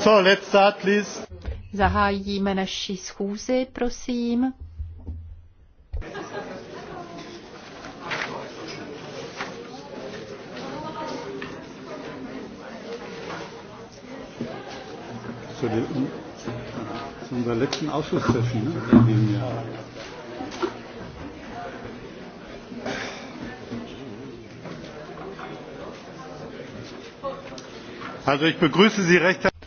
So, let's start, please. Zahájíme naši schůzi, prosím. Zu, den, zu unserer letzten Ausschusstreffen ne? in diesem Jahr. Also ich begrüße Sie recht herzlich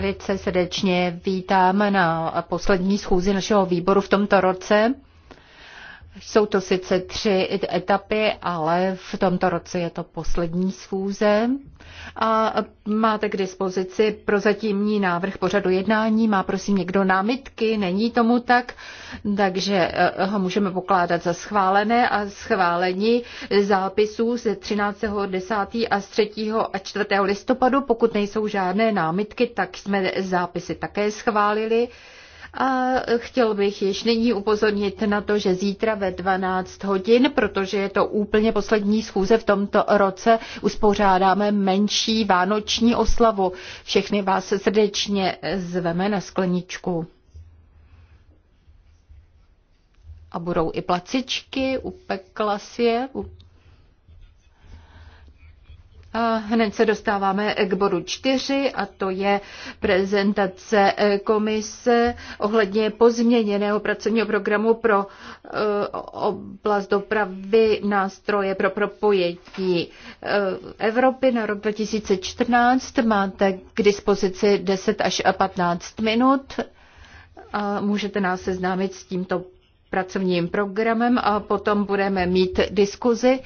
velice srdečně vítám na poslední schůzi našeho výboru v tomto roce. Jsou to sice tři etapy, ale v tomto roce je to poslední schůze. A máte k dispozici prozatímní návrh pořadu jednání. Má prosím někdo námitky? Není tomu tak, takže eh, ho můžeme pokládat za schválené a schválení zápisů ze 13.10. a z 3. a 4. listopadu. Pokud nejsou žádné námitky, tak jsme zápisy také schválili. A chtěl bych již nyní upozornit na to, že zítra ve 12 hodin, protože je to úplně poslední schůze v tomto roce, uspořádáme menší vánoční oslavu. Všechny vás srdečně zveme na skleničku. A budou i placičky, upekla si je, a hned se dostáváme k bodu čtyři a to je prezentace eh, komise ohledně pozměněného pracovního programu pro eh, oblast dopravy nástroje pro propojení eh, Evropy na rok 2014. Máte k dispozici 10 až 15 minut a můžete nás seznámit s tímto pracovním programem a potom budeme mít diskuzi.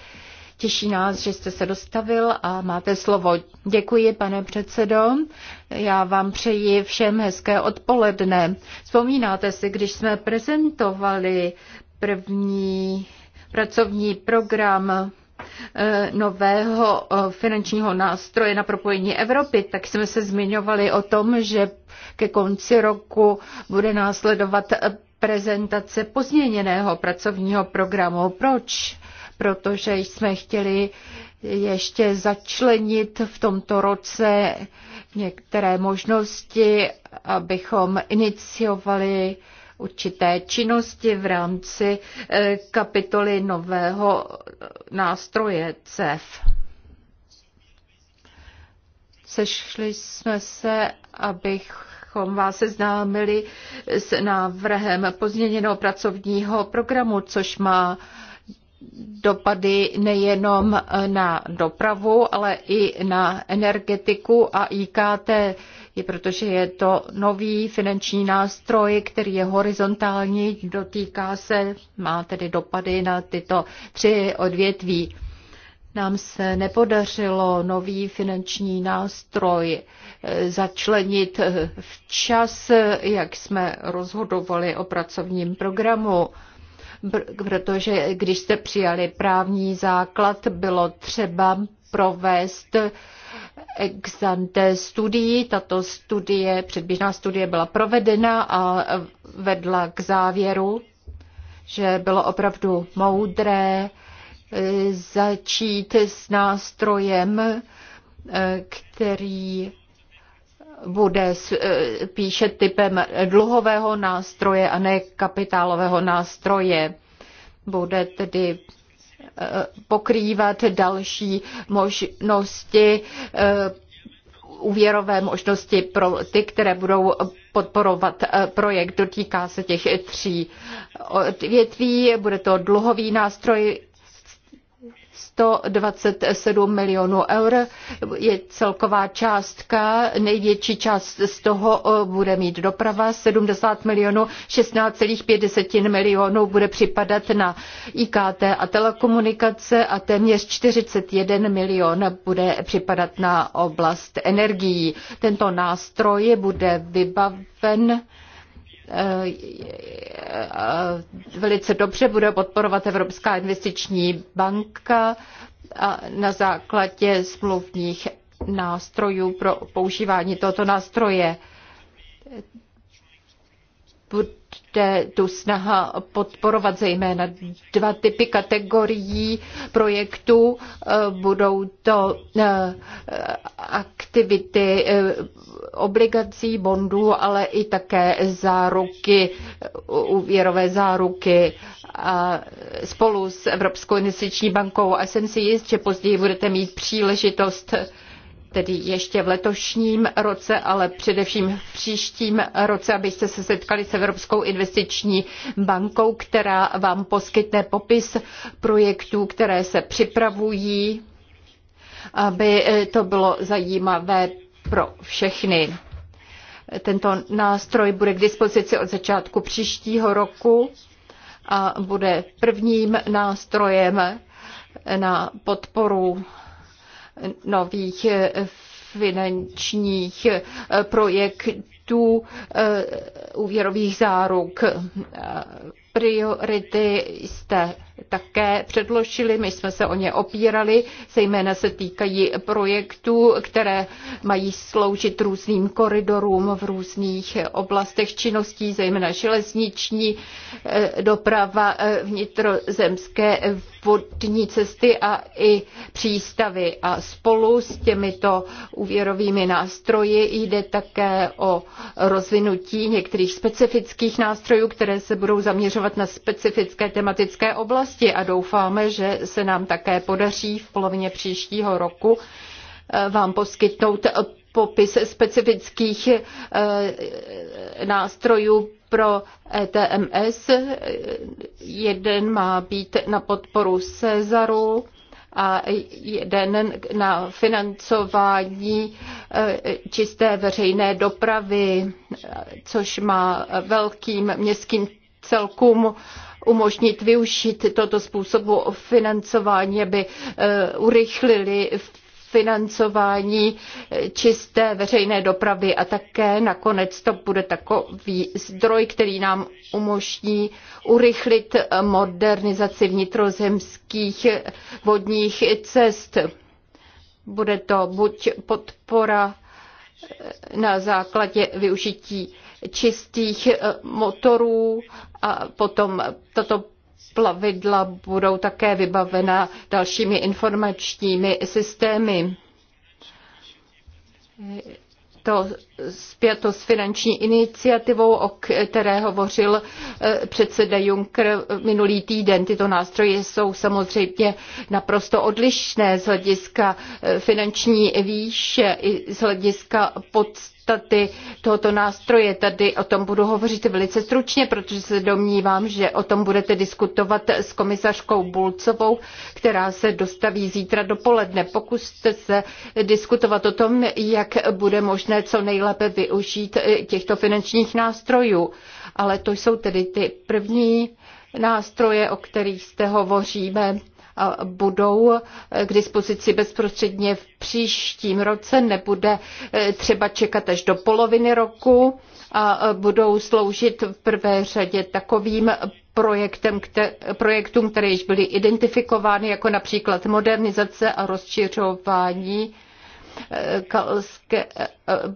Těší nás, že jste se dostavil a máte slovo. Děkuji, pane předsedo. Já vám přeji všem hezké odpoledne. Vzpomínáte si, když jsme prezentovali první pracovní program eh, nového eh, finančního nástroje na propojení Evropy, tak jsme se zmiňovali o tom, že ke konci roku bude následovat eh, prezentace pozměněného pracovního programu. Proč? protože jsme chtěli ještě začlenit v tomto roce některé možnosti, abychom iniciovali určité činnosti v rámci eh, kapitoly nového eh, nástroje CEF. Sešli jsme se, abychom vás seznámili s návrhem pozměněného pracovního programu, což má dopady nejenom na dopravu, ale i na energetiku a IKT, protože je to nový finanční nástroj, který je horizontální, dotýká se, má tedy dopady na tyto tři odvětví. Nám se nepodařilo nový finanční nástroj eh, začlenit eh, včas, jak jsme rozhodovali o pracovním programu protože když jste přijali právní základ, bylo třeba provést ex ante studii. Tato studie, předběžná studie byla provedena a vedla k závěru, že bylo opravdu moudré eh, začít s nástrojem, eh, který bude spíše eh, typem dluhového nástroje a ne kapitálového nástroje. Bude tedy eh, pokrývat další možnosti, eh, úvěrové možnosti pro ty, které budou podporovat projekt. Dotýká se těch tří odvětví. Bude to dluhový nástroj, 127 milionů eur je celková částka. Největší část z toho eh, bude mít doprava 70 milionů, 16,5 milionů bude připadat na IKT a telekomunikace a téměř 41 milion bude připadat na oblast energií. Tento nástroj bude vybaven Eh, eh, velice dobře bude podporovat Evropská investiční banka na základě smluvních nástrojů pro používání tohoto nástroje bude tu snaha podporovat zejména dva typy kategorií projektů. Eh, budou to eh, aktivity eh, obligací, bondů, ale i také záruky, úvěrové záruky a spolu s Evropskou investiční bankou. A jsem si jist, že později budete mít příležitost tedy ještě v letošním roce, ale především v příštím roce, abyste se setkali s Evropskou investiční bankou, která vám poskytne popis projektů, které se připravují, aby eh, to bylo zajímavé pro všechny. Tento nástroj bude k dispozici od začátku příštího roku a bude prvním nástrojem na podporu nových eh, finančních eh, projektů eh, úvěrových záruk. Priority jste také předložili, my jsme se o ně opírali, zejména se týkají projektů, které mají sloužit různým koridorům v různých oblastech činností, zejména železniční eh, doprava, eh, vnitrozemské vodní cesty a i přístavy. A spolu s těmito úvěrovými nástroji jde také o rozvinutí některých specifických nástrojů, které se budou zaměřovat na specifické tematické oblasti oblasti a doufáme, že se nám také podaří v polovině příštího roku eh, vám poskytnout popis specifických eh, nástrojů pro ETMS. Jeden má být na podporu Cezaru a jeden na financování eh, čisté veřejné dopravy, což má velkým městským celkům umožnit využít toto způsobu financování, aby eh, urychlili financování eh, čisté veřejné dopravy a také nakonec to bude takový zdroj, který nám umožní urychlit modernizaci vnitrozemských vodních cest. Bude to buď podpora eh, na základě využití čistých eh, motorů a potom tato plavidla budou také vybavena dalšími informačními systémy. To spjato s finanční iniciativou, o které hovořil eh, předseda Juncker minulý týden. Tyto nástroje jsou samozřejmě naprosto odlišné z hlediska eh, finanční výše i z hlediska podstaty podstaty tohoto nástroje. Tady o tom budu hovořit velice stručně, protože se domnívám, že o tom budete diskutovat s komisařkou Bulcovou, která se dostaví zítra dopoledne. Pokuste se diskutovat o tom, jak bude možné co nejlépe lépe využít eh, těchto finančních nástrojů. Ale to jsou tedy ty první nástroje, o kterých jste hovoříme a budou eh, k dispozici bezprostředně v příštím roce, nebude eh, třeba čekat až do poloviny roku a budou sloužit v prvé řadě takovým projektem, kte, projektům, které již byly identifikovány, jako například modernizace a rozšiřování kalské,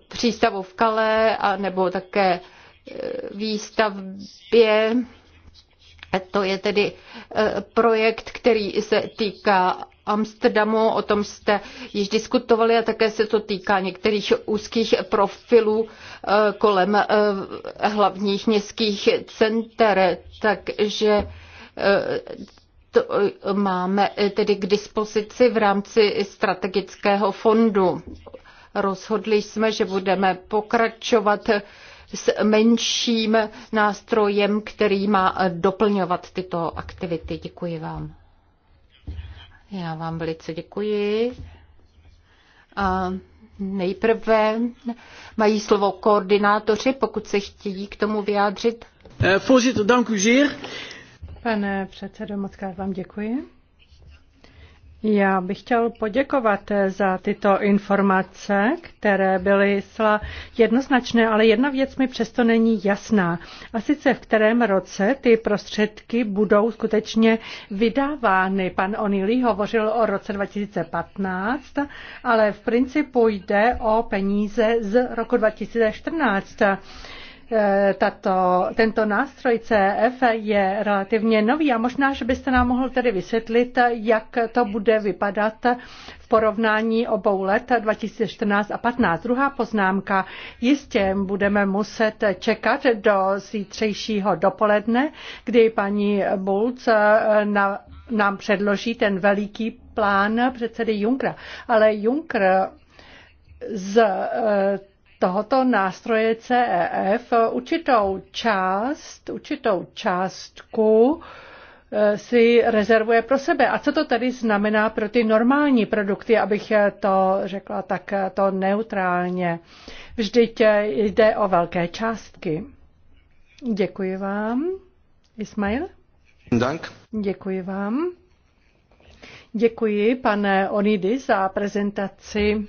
přístavu v Kale a nebo také e, výstavbě. To je tedy e, projekt, který se týká Amsterdamu, o tom jste již diskutovali a také se to týká některých úzkých profilů e, kolem hlavních městských center, takže to eh, máme eh, tedy k dispozici v rámci strategického fondu. Rozhodli jsme, že budeme pokračovat s menším nástrojem, který má eh, doplňovat tyto aktivity. Děkuji vám. Já vám velice děkuji. A nejprve mají slovo koordinátoři, pokud se chtějí k tomu vyjádřit. Voorzitter, dank u zeer. Pane předsedo, moc vám děkuji. Já bych chtěl poděkovat za tyto informace, které byly zcela jednoznačné, ale jedna věc mi přesto není jasná. A sice v kterém roce ty prostředky budou skutečně vydávány. Pan Onilý hovořil o roce 2015, ale v principu jde o peníze z roku 2014. E, tato, tento nástroj CEF je relativně nový a možná, že byste nám mohl tedy vysvětlit, jak to bude vypadat v porovnání obou let 2014 a 2015. Druhá poznámka. Jistě budeme muset čekat do zítřejšího dopoledne, kdy paní Bulc e, na, nám předloží ten veliký plán předsedy Junkra. Ale Juncker z e, tohoto nástroje CEF určitou část, určitou částku eh, si rezervuje pro sebe. A co to tedy znamená pro ty normální produkty, abych eh, to řekla tak eh, to neutrálně? Vždyť jde o velké částky. Děkuji vám. Ismail? Dank. Děkuji vám. Děkuji, pane Onidy, za prezentaci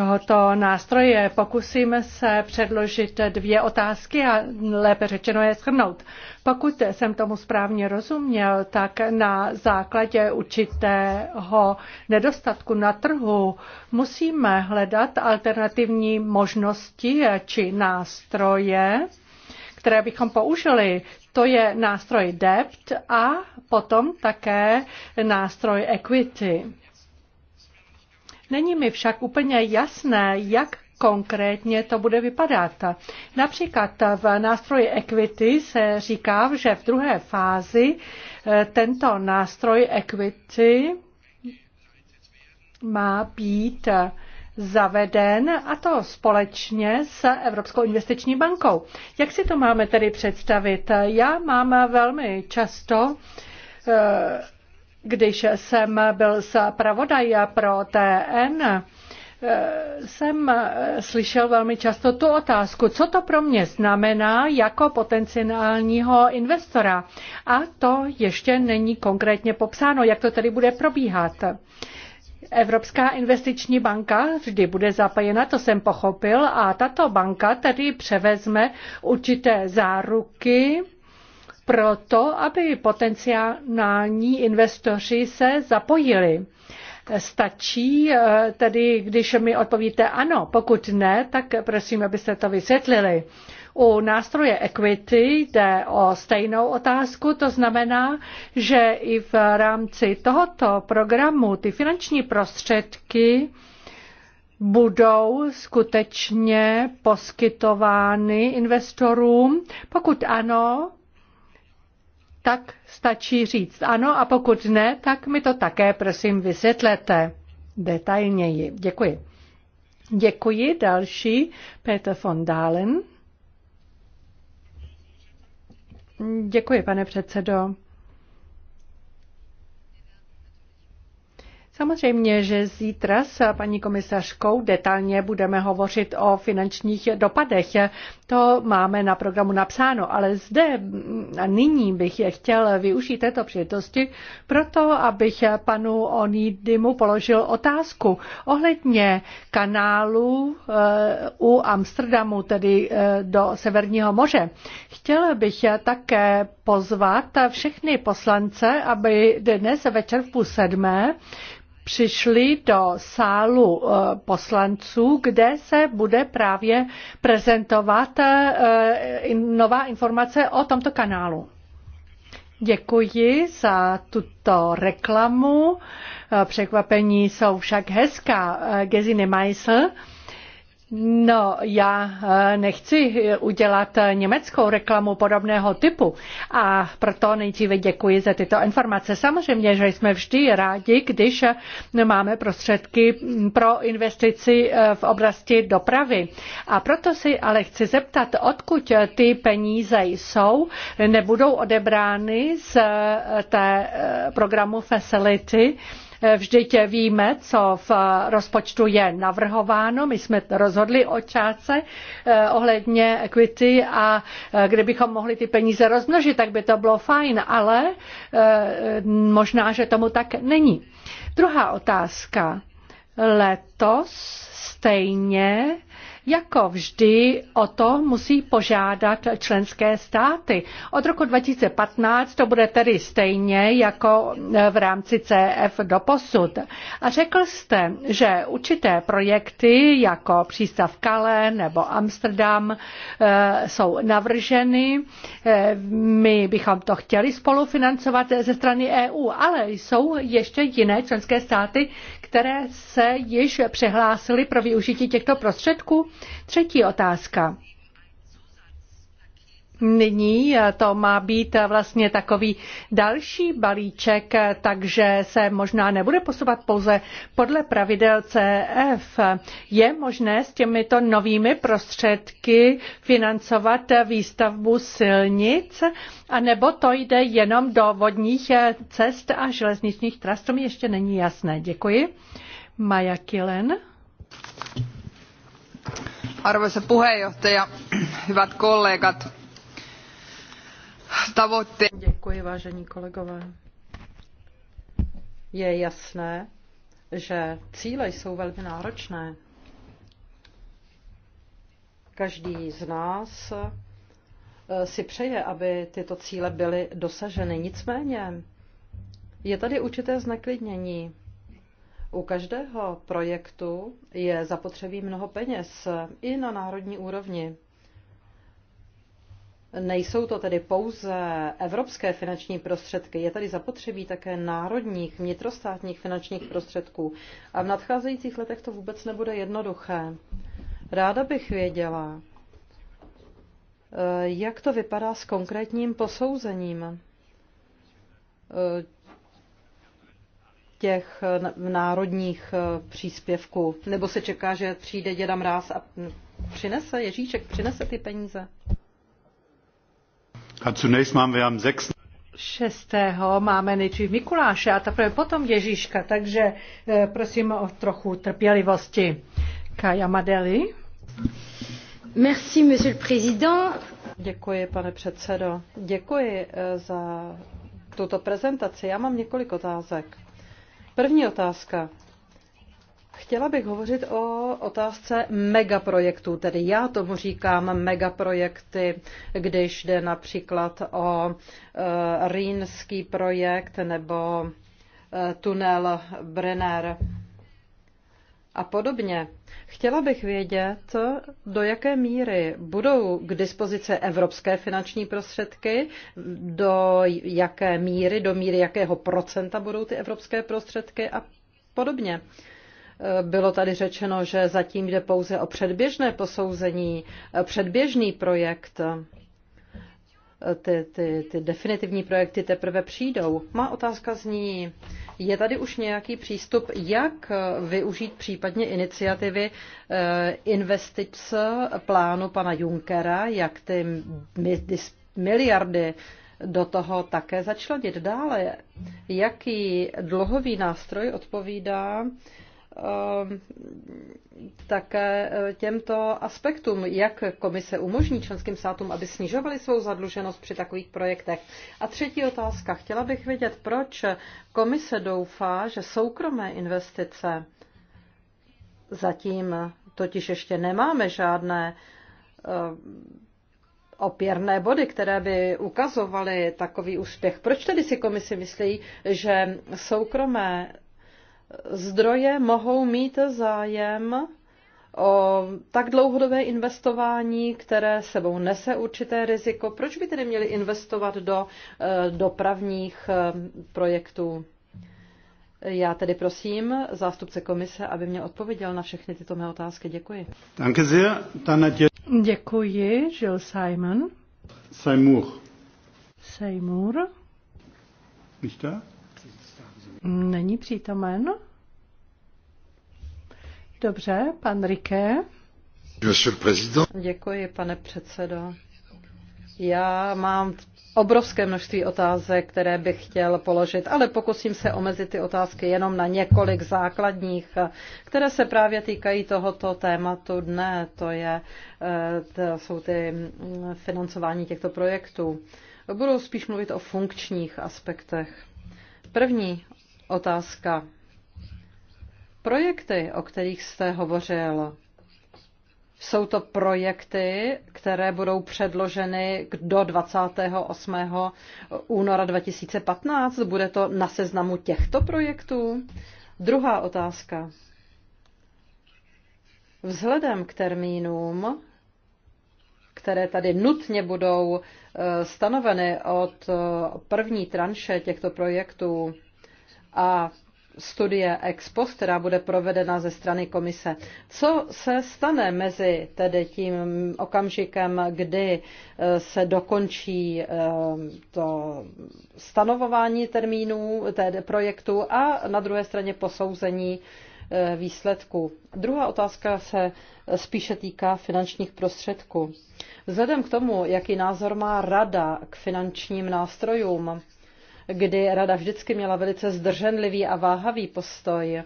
tohoto nástroje. Pokusíme se předložit dvě otázky a lépe řečeno je shrnout. Pokud jsem tomu správně rozuměl, tak na základě určitého nedostatku na trhu musíme hledat alternativní možnosti či nástroje, které bychom použili. To je nástroj debt a potom také nástroj equity. Není mi však úplně jasné, jak konkrétně to bude vypadat. Například v nástroji equity se říká, že v druhé fázi eh, tento nástroj equity má být zaveden a to společně s Evropskou investiční bankou. Jak si to máme tedy představit? Já mám velmi často eh, když jsem byl zpravodaj pro TN, eh, jsem eh, slyšel velmi často tu otázku, co to pro mě znamená jako potenciálního investora. A to ještě není konkrétně popsáno, jak to tedy bude probíhat. Evropská investiční banka vždy bude zapojena, to jsem pochopil, a tato banka tedy převezme určité záruky proto, aby potenciální investoři se zapojili. Stačí eh, tedy, když mi odpovíte ano, pokud ne, tak prosím, abyste to vysvětlili. U nástroje equity jde o stejnou otázku, to znamená, že i v rámci tohoto programu ty finanční prostředky budou skutečně poskytovány investorům. Pokud ano, tak stačí říct ano a pokud ne, tak mi to také prosím vysvětlete detailněji. Děkuji. Děkuji. Další Peter von Dahlen. Děkuji, pane předsedo. Samozřejmě, že zítra s paní komisařkou detailně budeme hovořit o finančních dopadech. To máme na programu napsáno, ale zde a nyní bych je chtěl využít této příležitosti proto, abych panu Onidimu položil otázku ohledně kanálu eh, u Amsterdamu, tedy eh, do Severního moře. Chtěl bych také pozvat všechny poslance, aby dnes večer v půl sedmé přišli do sálu eh, poslanců, kde se bude právě prezentovat eh, nová informace o tomto kanálu. Děkuji za tuto reklamu. Eh, překvapení jsou však hezká. Gesine Meissel No, já eh, nechci eh, udělat eh, německou reklamu podobného typu a proto nejdříve děkuji za tyto informace. Samozřejmě, že jsme vždy rádi, když máme prostředky mm, pro investici v oblasti dopravy. A proto si ale chci zeptat, odkud ty peníze jsou, nebudou odebrány z té programu Facility, Vždyť víme, co v rozpočtu je navrhováno. My jsme rozhodli o částce eh, ohledně equity a eh, kdybychom mohli ty peníze rozmnožit, tak by to bylo fajn, ale eh, možná, že tomu tak není. Druhá otázka. Letos stejně jako vždy o to musí požádat členské státy. Od roku 2015 to bude tedy stejně jako e, v rámci CF do posud. A řekl jste, že určité projekty jako přístav Kale nebo Amsterdam e, jsou navrženy. E, my bychom to chtěli spolufinancovat ze strany EU, ale jsou ještě jiné členské státy, které se již přihlásily pro využití těchto prostředků? Třetí otázka. Nyní to má být vlastně takový další balíček, takže se možná nebude posouvat pouze podle pravidel CF. Je možné s těmito novými prostředky financovat výstavbu silnic, anebo to jde jenom do vodních cest a železničních tras? To mi ještě není jasné. Děkuji. Maja Kilen. Arvoisa puheenjohtaja, hyvät kollegat. Děkuji, vážení kolegové. Je jasné, že cíle jsou velmi náročné. Každý z nás eh, si přeje, aby tyto cíle byly dosaženy. Nicméně je tady určité zneklidnění. U každého projektu je zapotřebí mnoho peněz i na národní úrovni. Nejsou to tedy pouze evropské finanční prostředky, je tady zapotřebí také národních, vnitrostátních finančních prostředků. A v nadcházejících letech to vůbec nebude jednoduché. Ráda bych věděla, eh, jak to vypadá s konkrétním posouzením eh, těch národních eh, příspěvků? Nebo se čeká, že přijde děda mráz a hm, přinese Ježíšek, přinese ty peníze? zunächst machen wir am 6. 6. máme nejdřív Mikuláše a teprve potom Ježíška, takže eh, prosím o trochu trpělivosti. Kaja Madeli. Merci, monsieur le président. Děkuji, pane předsedo. Děkuji eh, za tuto prezentaci. Já mám několik otázek. První otázka. Chtěla bych hovořit o otázce megaprojektů, tedy já tomu říkám megaprojekty, když jde například o e, rýnský projekt nebo e, tunel Brenner a podobně. Chtěla bych vědět, do jaké míry budou k dispozici evropské finanční prostředky, do jaké míry, do míry jakého procenta budou ty evropské prostředky a podobně. Bylo tady řečeno, že zatím jde pouze o předběžné posouzení, předběžný projekt. Ty, ty, ty definitivní projekty teprve přijdou. Má otázka zní, je tady už nějaký přístup, jak využít případně iniciativy eh, investic plánu pana Junkera, jak ty miliardy do toho také začlenit dále. Jaký dlouhový nástroj odpovídá Eh, také eh, těmto aspektům, jak komise umožní členským státům, aby snižovali svou zadluženost při takových projektech. A třetí otázka. Chtěla bych vědět, proč komise doufá, že soukromé investice zatím totiž ještě nemáme žádné eh, opěrné body, které by ukazovaly takový úspěch. Proč tedy si komisi myslí, že soukromé zdroje mohou mít zájem o tak dlouhodobé investování, které sebou nese určité riziko. Proč by tedy měli investovat do eh, dopravních eh, projektů? Já tedy prosím zástupce komise, aby mě odpověděl na všechny tyto mé otázky. Děkuji. Děkuji, Jill Simon. Seymour. Seymour. Nicht da? Není přítomen? Dobře, pan Riké. Děkuji, pane předsedo. Já mám obrovské množství otázek, které bych chtěl položit, ale pokusím se omezit ty otázky jenom na několik základních, které se právě týkají tohoto tématu dne, to, je, eh, to jsou ty mm, financování těchto projektů. Budu spíš mluvit o funkčních aspektech. První otázka. Projekty, o kterých jste hovořil, jsou to projekty, které budou předloženy do 28. února 2015? Bude to na seznamu těchto projektů? Druhá otázka. Vzhledem k termínům, které tady nutně budou eh, stanoveny od eh, první tranše těchto projektů, a studie ex post, která bude provedena ze strany komise. Co se stane mezi tedy tím okamžikem, kdy eh, se dokončí eh, to stanovování termínů tedy projektu a na druhé straně posouzení eh, výsledku. Druhá otázka se spíše týká finančních prostředků. Vzhledem k tomu, jaký názor má Rada k finančním nástrojům, kdy Rada vždycky měla velice zdrženlivý a váhavý postoj.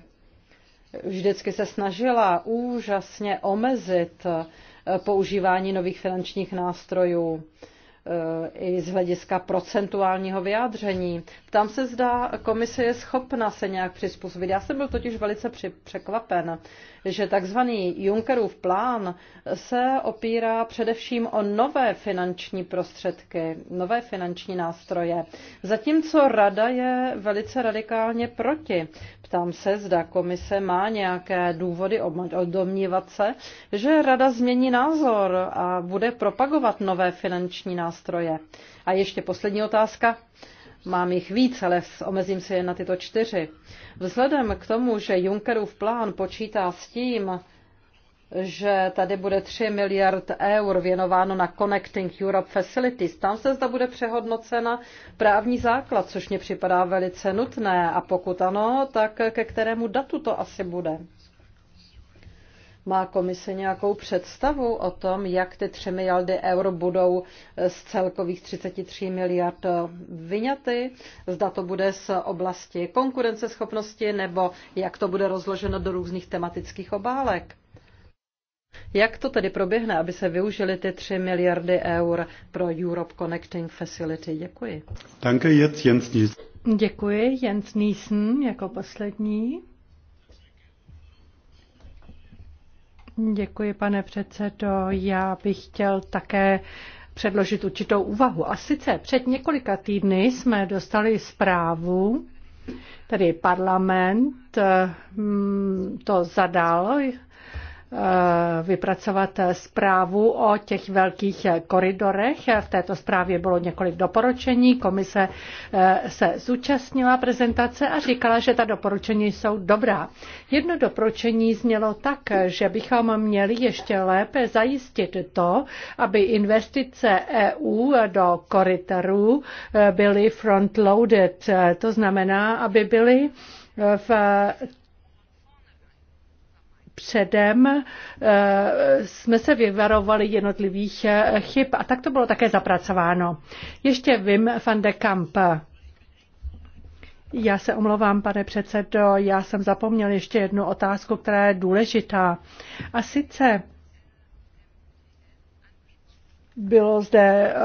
Vždycky se snažila úžasně omezit používání nových finančních nástrojů i z hlediska procentuálního vyjádření. Tam se zdá, komise je schopna se nějak přizpůsobit. Já jsem byl totiž velice překvapen, že takzvaný Junckerův plán se opírá především o nové finanční prostředky, nové finanční nástroje, zatímco rada je velice radikálně proti. Ptám se, zda komise má nějaké důvody domnívat se, že rada změní názor a bude propagovat nové finanční nástroje nástroje. A ještě poslední otázka. Mám jich víc, ale omezím se jen na tyto čtyři. Vzhledem k tomu, že Junckerův plán počítá s tím, že tady bude 3 miliard eur věnováno na Connecting Europe Facilities. Tam se zda bude přehodnocena právní základ, což mě připadá velice nutné. A pokud ano, tak ke kterému datu to asi bude? Má komise nějakou představu o tom, jak ty 3 miliardy eur budou z celkových 33 miliard vyňaty? Zda to bude z oblasti konkurenceschopnosti nebo jak to bude rozloženo do různých tematických obálek? Jak to tedy proběhne, aby se využili ty 3 miliardy eur pro Europe Connecting Facility? Děkuji. Danke, jetzt Jens Děkuji, Jens Nielsen jako poslední. Děkuji, pane předsedo. Já bych chtěl také předložit určitou úvahu. A sice před několika týdny jsme dostali zprávu, tedy parlament mm, to zadal Eh, vypracovat zprávu o těch velkých koridorech. V této zprávě bylo několik doporučení. Komise eh, se zúčastnila prezentace a říkala, že ta doporučení jsou dobrá. Jedno doporučení znělo tak, že bychom měli ještě lépe zajistit to, aby investice EU do koridorů eh, byly front-loaded. To znamená, aby byly v předem eh, jsme se vyvarovali jednotlivých eh, chyb a tak to bylo také zapracováno. Ještě vím van de Kamp. Já se omlouvám, pane předsedo, já jsem zapomněl ještě jednu otázku, která je důležitá. A sice bylo zde eh,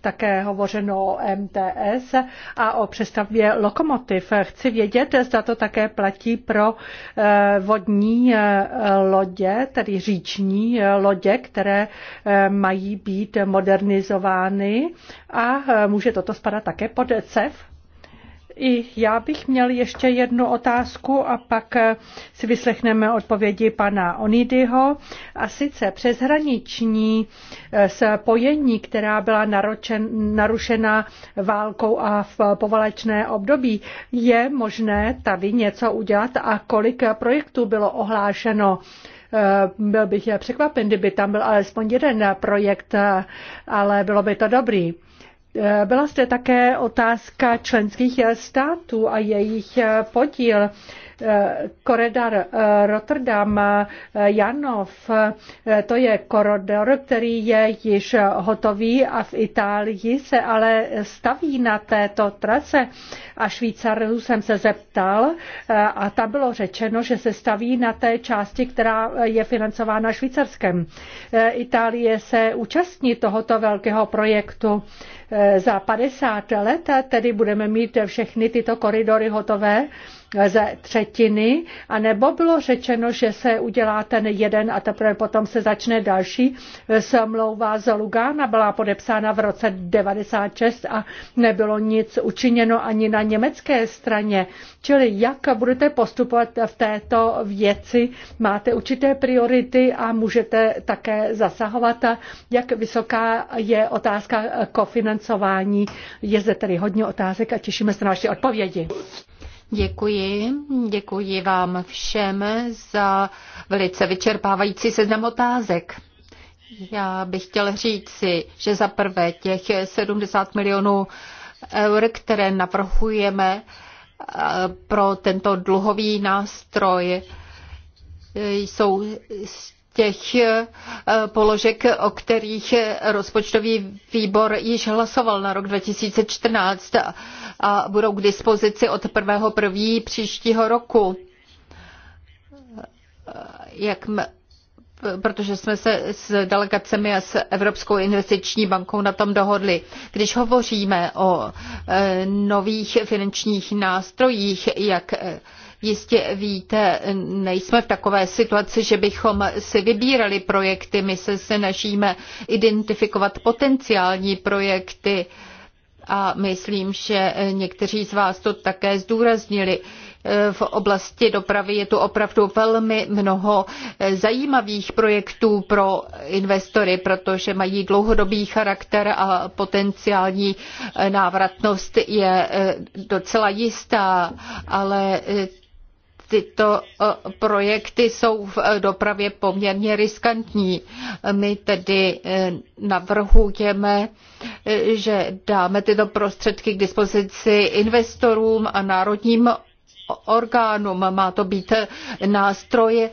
také hovořeno o MTS a o přestavbě lokomotiv. Chci vědět, zda to také platí pro eh, vodní eh, lodě, tedy říční lodě, které mají být modernizovány a může toto spadat také pod CEF? I já bych měl ještě jednu otázku a pak eh, si vyslechneme odpovědi pana Onidyho. A sice přeshraniční eh, spojení, která byla naročen, narušena válkou a v povalečné období, je možné tady něco udělat a kolik projektů bylo ohlášeno? Eh, byl bych překvapen, kdyby tam byl alespoň jeden projekt, ale bylo by to dobrý. Eh, byla zde také otázka členských eh, států a jejich eh, podíl. Eh, koridor eh, Rotterdam eh, Janov, to je koridor, který je již hotový a v Itálii se ale staví na této trase. A Švýcarů jsem se zeptal a tam bylo řečeno, že se staví na té části, která je financována Švýcarskem. Itálie se účastní tohoto velkého projektu. Za 50 let tedy budeme mít všechny tyto koridory hotové ze třetiny, anebo bylo řečeno, že se udělá ten jeden a teprve potom se začne další. Smlouva z Lugána byla podepsána v roce 96 a nebylo nic učiněno ani na německé straně. Čili jak budete postupovat v této věci? Máte určité priority a můžete také zasahovat. Jak vysoká je otázka kofinancování? Je zde tedy hodně otázek a těšíme se na vaše odpovědi. Děkuji. Děkuji vám všem za velice vyčerpávající seznam otázek. Já bych chtěl říci, že za prvé těch 70 milionů eur, které navrhujeme eh, pro tento dluhový nástroj, eh, jsou těch eh, položek, o kterých rozpočtový výbor již hlasoval na rok 2014 a budou k dispozici od 1. 1. příštího roku. Eh, jak protože jsme se s delegacemi a s Evropskou investiční bankou na tom dohodli. Když hovoříme o eh, nových finančních nástrojích, jak Jistě víte, nejsme v takové situaci, že bychom si vybírali projekty. My se snažíme identifikovat potenciální projekty a myslím, že někteří z vás to také zdůraznili v oblasti dopravy je tu opravdu velmi mnoho zajímavých projektů pro investory, protože mají dlouhodobý charakter a potenciální návratnost je docela jistá, ale tyto eh, projekty jsou v eh, dopravě poměrně riskantní. My tedy eh, navrhujeme, že dáme tyto prostředky k dispozici investorům a národním orgánům. Má to být nástroj,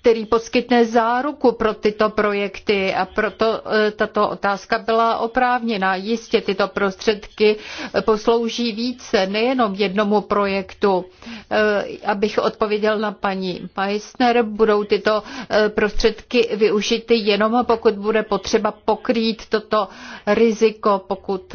který poskytne záruku pro tyto projekty a proto e, tato otázka byla oprávněna. Jistě tyto prostředky poslouží více, nejenom jednomu projektu. E, abych odpověděl na paní Meissner, budou tyto e, prostředky využity jenom pokud bude potřeba pokrýt toto riziko, pokud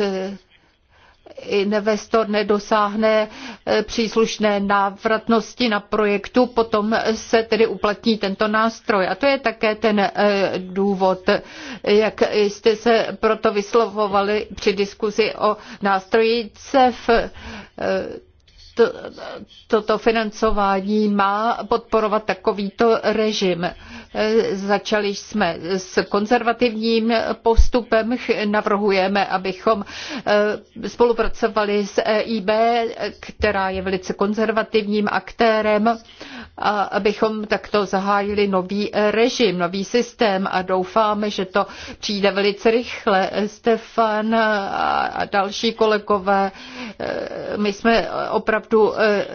investor nedosáhne eh, příslušné návratnosti na projektu, potom se tedy uplatní tento nástroj. A to je také ten eh, důvod, jak jste se proto vyslovovali při diskuzi o nástroji CEF eh, to, toto financování má podporovat takovýto režim. Začali jsme s konzervativním postupem, navrhujeme, abychom eh, spolupracovali s EIB, která je velice konzervativním aktérem a abychom takto zahájili nový režim, nový systém a doufáme, že to přijde velice rychle. Stefan a další kolegové, e, my jsme opravdu e,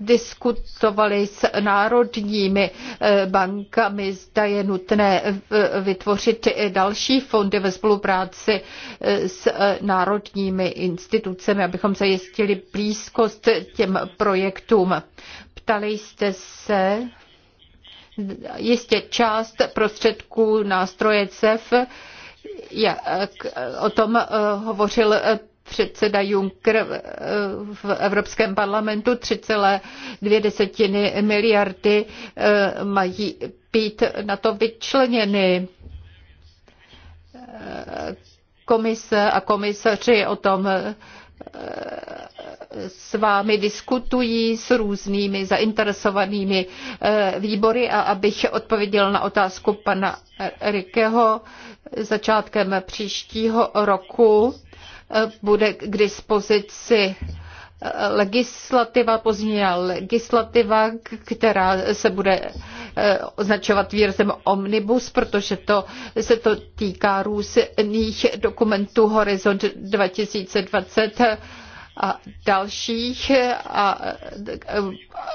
diskutovali s národními e, bankami, zda je nutné vytvořit další fondy ve spolupráci s národními institucemi, abychom zajistili blízkost těm projektům. Ptali jste se, jistě část prostředků nástroje CEF, jak o tom eh, hovořil předseda Juncker eh, v Evropském parlamentu 3,2 miliardy eh, mají být na to vyčleněny. Komise a komisaři o tom s vámi diskutují s různými zainteresovanými eh, výbory a abych odpověděl na otázku pana Rikeho začátkem příštího roku eh, bude k dispozici legislativa, pozměněná legislativa, která se bude eh, označovat výrazem omnibus, protože to, se to týká různých dokumentů Horizont 2020 a dalších a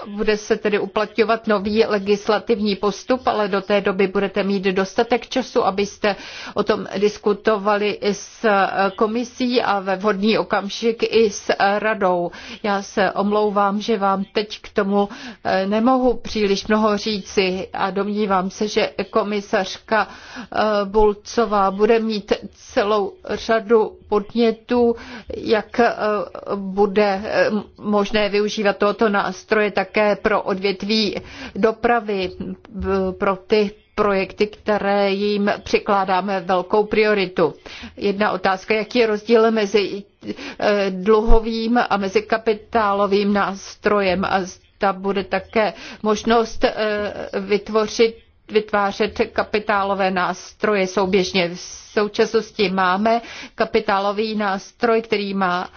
bude se tedy uplatňovat nový legislativní postup, ale do té doby budete mít dostatek času, abyste o tom diskutovali i s komisí a ve vhodný okamžik i s radou. Já se omlouvám, že vám teď k tomu eh, nemohu příliš mnoho říci a domnívám se, že komisařka eh, Bulcová bude mít celou řadu podnětů, jak eh, bude eh, možné využívat tohoto nástroje také pro odvětví dopravy, pro ty projekty, které jim přikládáme velkou prioritu. Jedna otázka, jaký je rozdíl mezi eh, dluhovým a mezi kapitálovým nástrojem a ta bude také možnost eh, vytvořit vytvářet kapitálové nástroje souběžně. V současnosti máme kapitálový nástroj, který má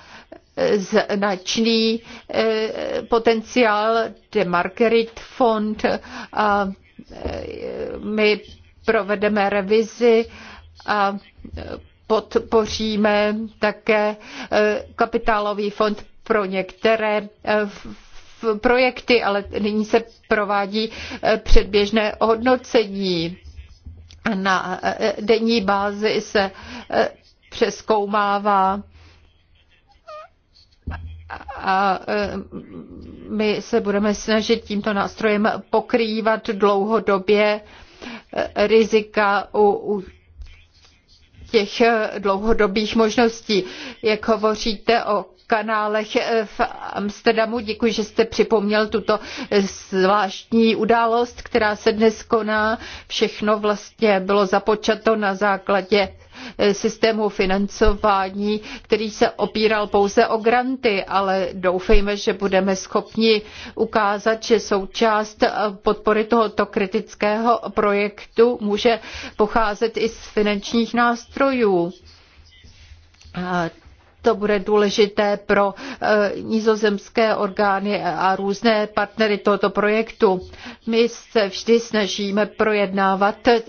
značný eh, potenciál, Demarkerit fond a eh, my provedeme revizi a podpoříme také eh, kapitálový fond pro některé projekty, ale nyní se provádí předběžné hodnocení. Na denní bázi se přeskoumává a e, my se budeme snažit tímto nástrojem pokrývat dlouhodobě e, rizika u, těch dlouhodobých možností. Jak hovoříte o kanálech eh, v Amsterdamu. Děkuji, že jste připomněl tuto eh, zvláštní událost, která se dnes koná. Všechno vlastně bylo započato na základě eh, systému financování, který se opíral pouze o granty, ale doufejme, že budeme schopni ukázat, že součást podpory tohoto kritického projektu může pocházet i z finančních nástrojů. A to bude důležité pro eh, nizozemské orgány a různé partnery tohoto projektu. My se vždy snažíme projednávat eh,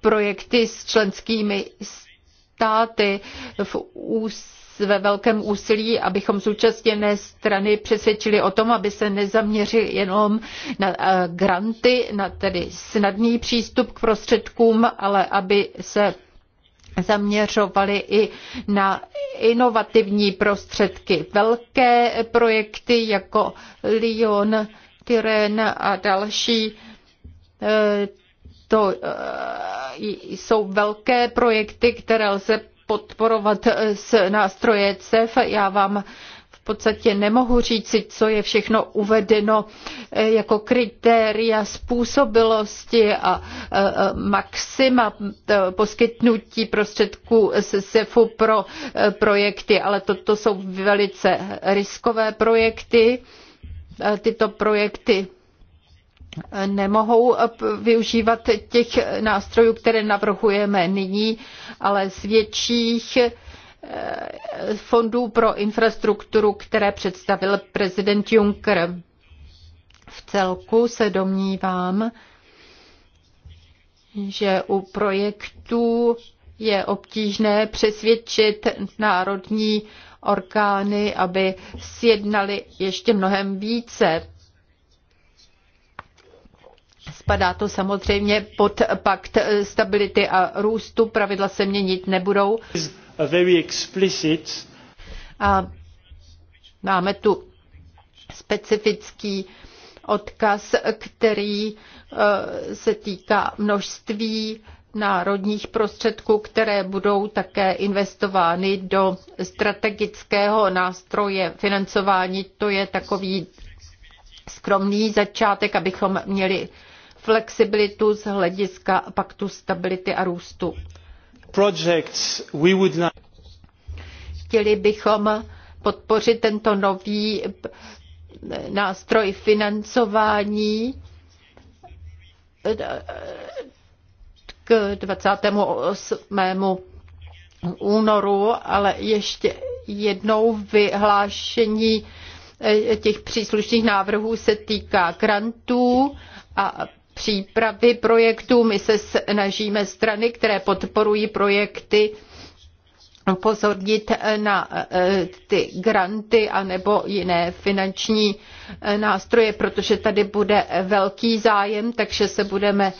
projekty s členskými státy v ús ve velkém úsilí, abychom zúčastněné strany přesvědčili o tom, aby se nezaměřili jenom na eh, granty, na tedy snadný přístup k prostředkům, ale aby se zaměřovali i na inovativní prostředky. Velké projekty jako Lyon, Tyren a další, eh, to eh, jsou velké projekty, které lze podporovat z eh, nástroje CEF. Já vám podstatě nemohu říci, co je všechno uvedeno eh, jako kritéria způsobilosti a eh, eh, maxima poskytnutí prostředků z SEFu pro projekty, ale toto jsou velice riskové projekty. Tyto projekty nemohou využívat těch nástrojů, které navrhujeme nyní, ale z větších fondů pro infrastrukturu, které představil prezident Juncker. V celku se domnívám, že u projektů je obtížné přesvědčit národní orgány, aby sjednali ještě mnohem více. Spadá to samozřejmě pod pakt stability a růstu, pravidla se měnit nebudou a very explicit a máme tu specifický odkaz, který e, se týká množství národních prostředků, které budou také investovány do strategického nástroje financování. To je takový skromný začátek, abychom měli flexibilitu z hlediska paktu stability a růstu. Chtěli bychom podpořit tento nový nástroj financování k 28. únoru, ale ještě jednou vyhlášení eh, těch příslušných návrhů se týká grantů a přípravy projektů. My se snažíme strany, které podporují projekty, upozornit na eh, ty granty anebo jiné finanční eh, nástroje, protože tady bude velký zájem, takže se budeme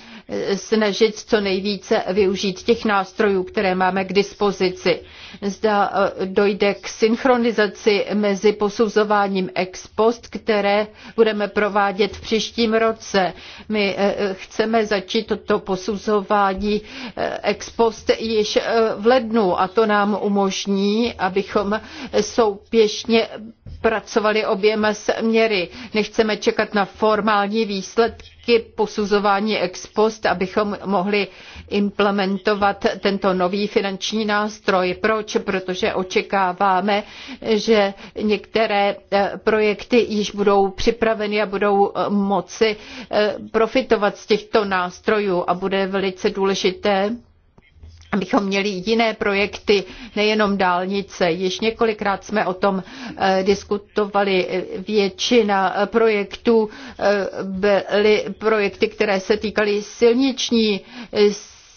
snažit co nejvíce využít těch nástrojů, které máme k dispozici. Zda e, dojde k synchronizaci mezi posuzováním ex post, které budeme provádět v příštím roce. My e, chceme začít toto posuzování e, ex post již v lednu a to nám umožní, abychom souběžně pracovali oběma směry. Nechceme čekat na formální výsledky výsledky posuzování ex post, abychom mohli implementovat tento nový finanční nástroj. Proč? Protože očekáváme, že některé eh, projekty již budou připraveny a budou eh, moci eh, profitovat z těchto nástrojů a bude velice důležité, abychom měli jiné projekty, nejenom dálnice. Již několikrát jsme o tom eh, diskutovali. Většina eh, projektů eh, byly projekty, které se týkaly silniční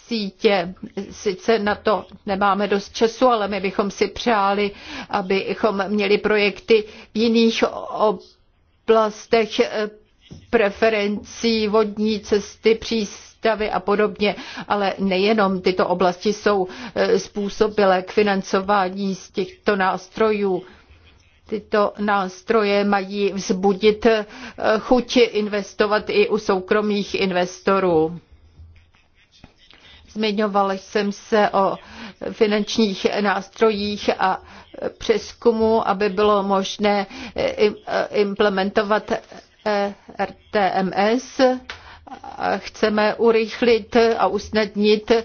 sítě. Sice na to nemáme dost času, ale my bychom si přáli, abychom měli projekty v jiných oblastech preferencí, vodní cesty, přístavy a podobně, ale nejenom tyto oblasti jsou e, způsobilé k financování z těchto nástrojů. Tyto nástroje mají vzbudit e, chuť investovat i u soukromých investorů. Zmiňoval jsem se o finančních nástrojích a přeskumu, aby bylo možné e, implementovat E RTMS chceme urychlit a usnadnit e,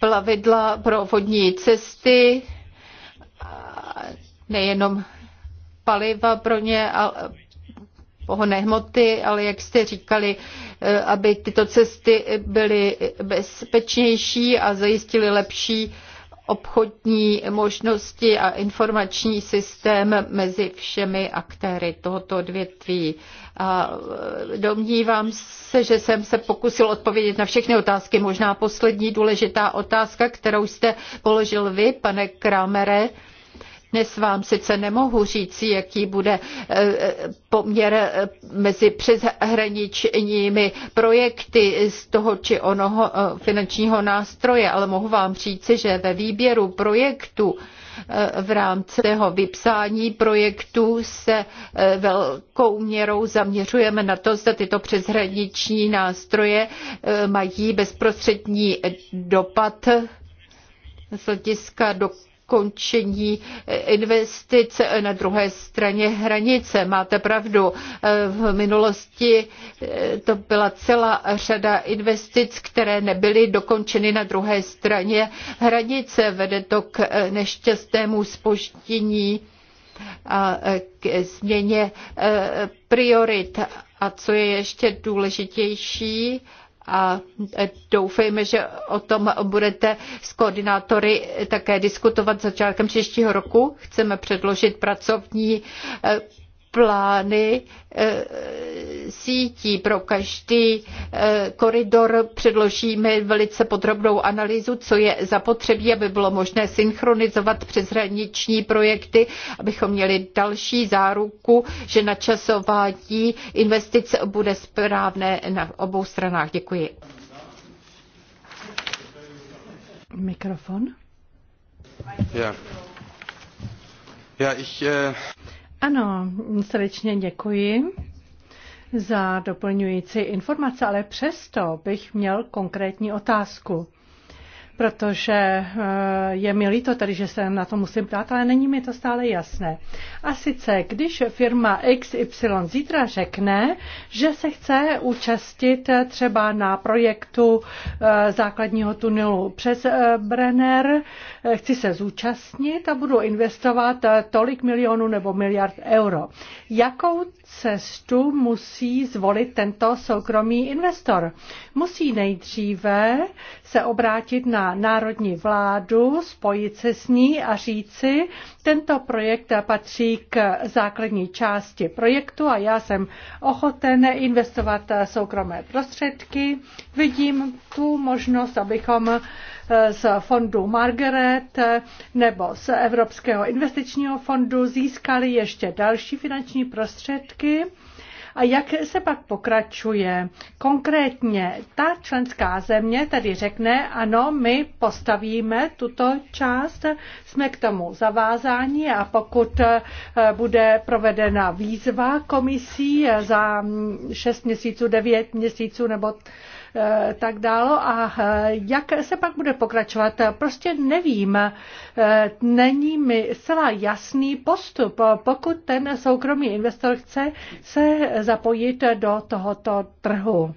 plavidla pro vodní cesty, nejenom paliva pro ně, ale pohonné hmoty, ale jak jste říkali, e, aby tyto cesty byly bezpečnější a zajistily lepší obchodní možnosti a informační systém mezi všemi aktéry tohoto odvětví. A e, domnívám se, že jsem se pokusil odpovědět na všechny otázky. Možná poslední důležitá otázka, kterou jste položil vy, pane Kramere, dnes vám sice nemohu říct, jaký bude eh, poměr eh, mezi přeshraničními projekty z toho či onoho eh, finančního nástroje, ale mohu vám říci, že ve výběru projektu v rámci toho vypsání projektu se velkou měrou zaměřujeme na to, zda tyto přeshraniční nástroje mají bezprostřední dopad z hlediska ukončení investic na druhé straně hranice. Máte pravdu, v minulosti eh, to byla celá řada investic, které nebyly dokončeny na druhé straně hranice. Vede to k eh, nešťastnému spoštění a eh, k změně priorit. A co je ještě důležitější, a e, doufejme, že o tom budete s koordinátory také diskutovat začátkem příštího roku. Chceme předložit pracovní e, plány eh, sítí. Pro každý eh, koridor předložíme velice podrobnou analýzu, co je zapotřebí, aby bylo možné synchronizovat přeshraniční projekty, abychom měli další záruku, že načasování investice bude správné na obou stranách. Děkuji. Mikrofon. Ja. Ja, ich, äh... Ano, srdečně děkuji za doplňující informace, ale přesto bych měl konkrétní otázku protože eh, je mi líto tady, že se na to musím ptát, ale není mi to stále jasné. A sice, když firma XY zítra řekne, že se chce účastnit eh, třeba na projektu eh, základního tunelu přes Brenner, chci se zúčastnit a budu investovat tolik milionů nebo miliard euro. Jakou cestu musí zvolit tento soukromý investor? Musí nejdříve se obrátit na národní vládu, spojit se s ní a říci, tento projekt patří k základní části projektu a já jsem ochoten investovat soukromé prostředky. Vidím tu možnost, abychom eh, z fondu Margaret eh, nebo z Evropského investičního fondu získali ještě další finanční prostředky a jak se pak pokračuje? Konkrétně ta členská země tedy řekne, ano, my postavíme tuto část, jsme k tomu zavázáni a pokud eh, bude provedena výzva komisí za 6 měsíců, 9 měsíců nebo Eh, tak dále. a eh, jak se pak bude pokračovat, prostě nevím. Eh, není mi zcela jasný postup, pokud ten soukromý investor chce se zapojit do tohoto trhu.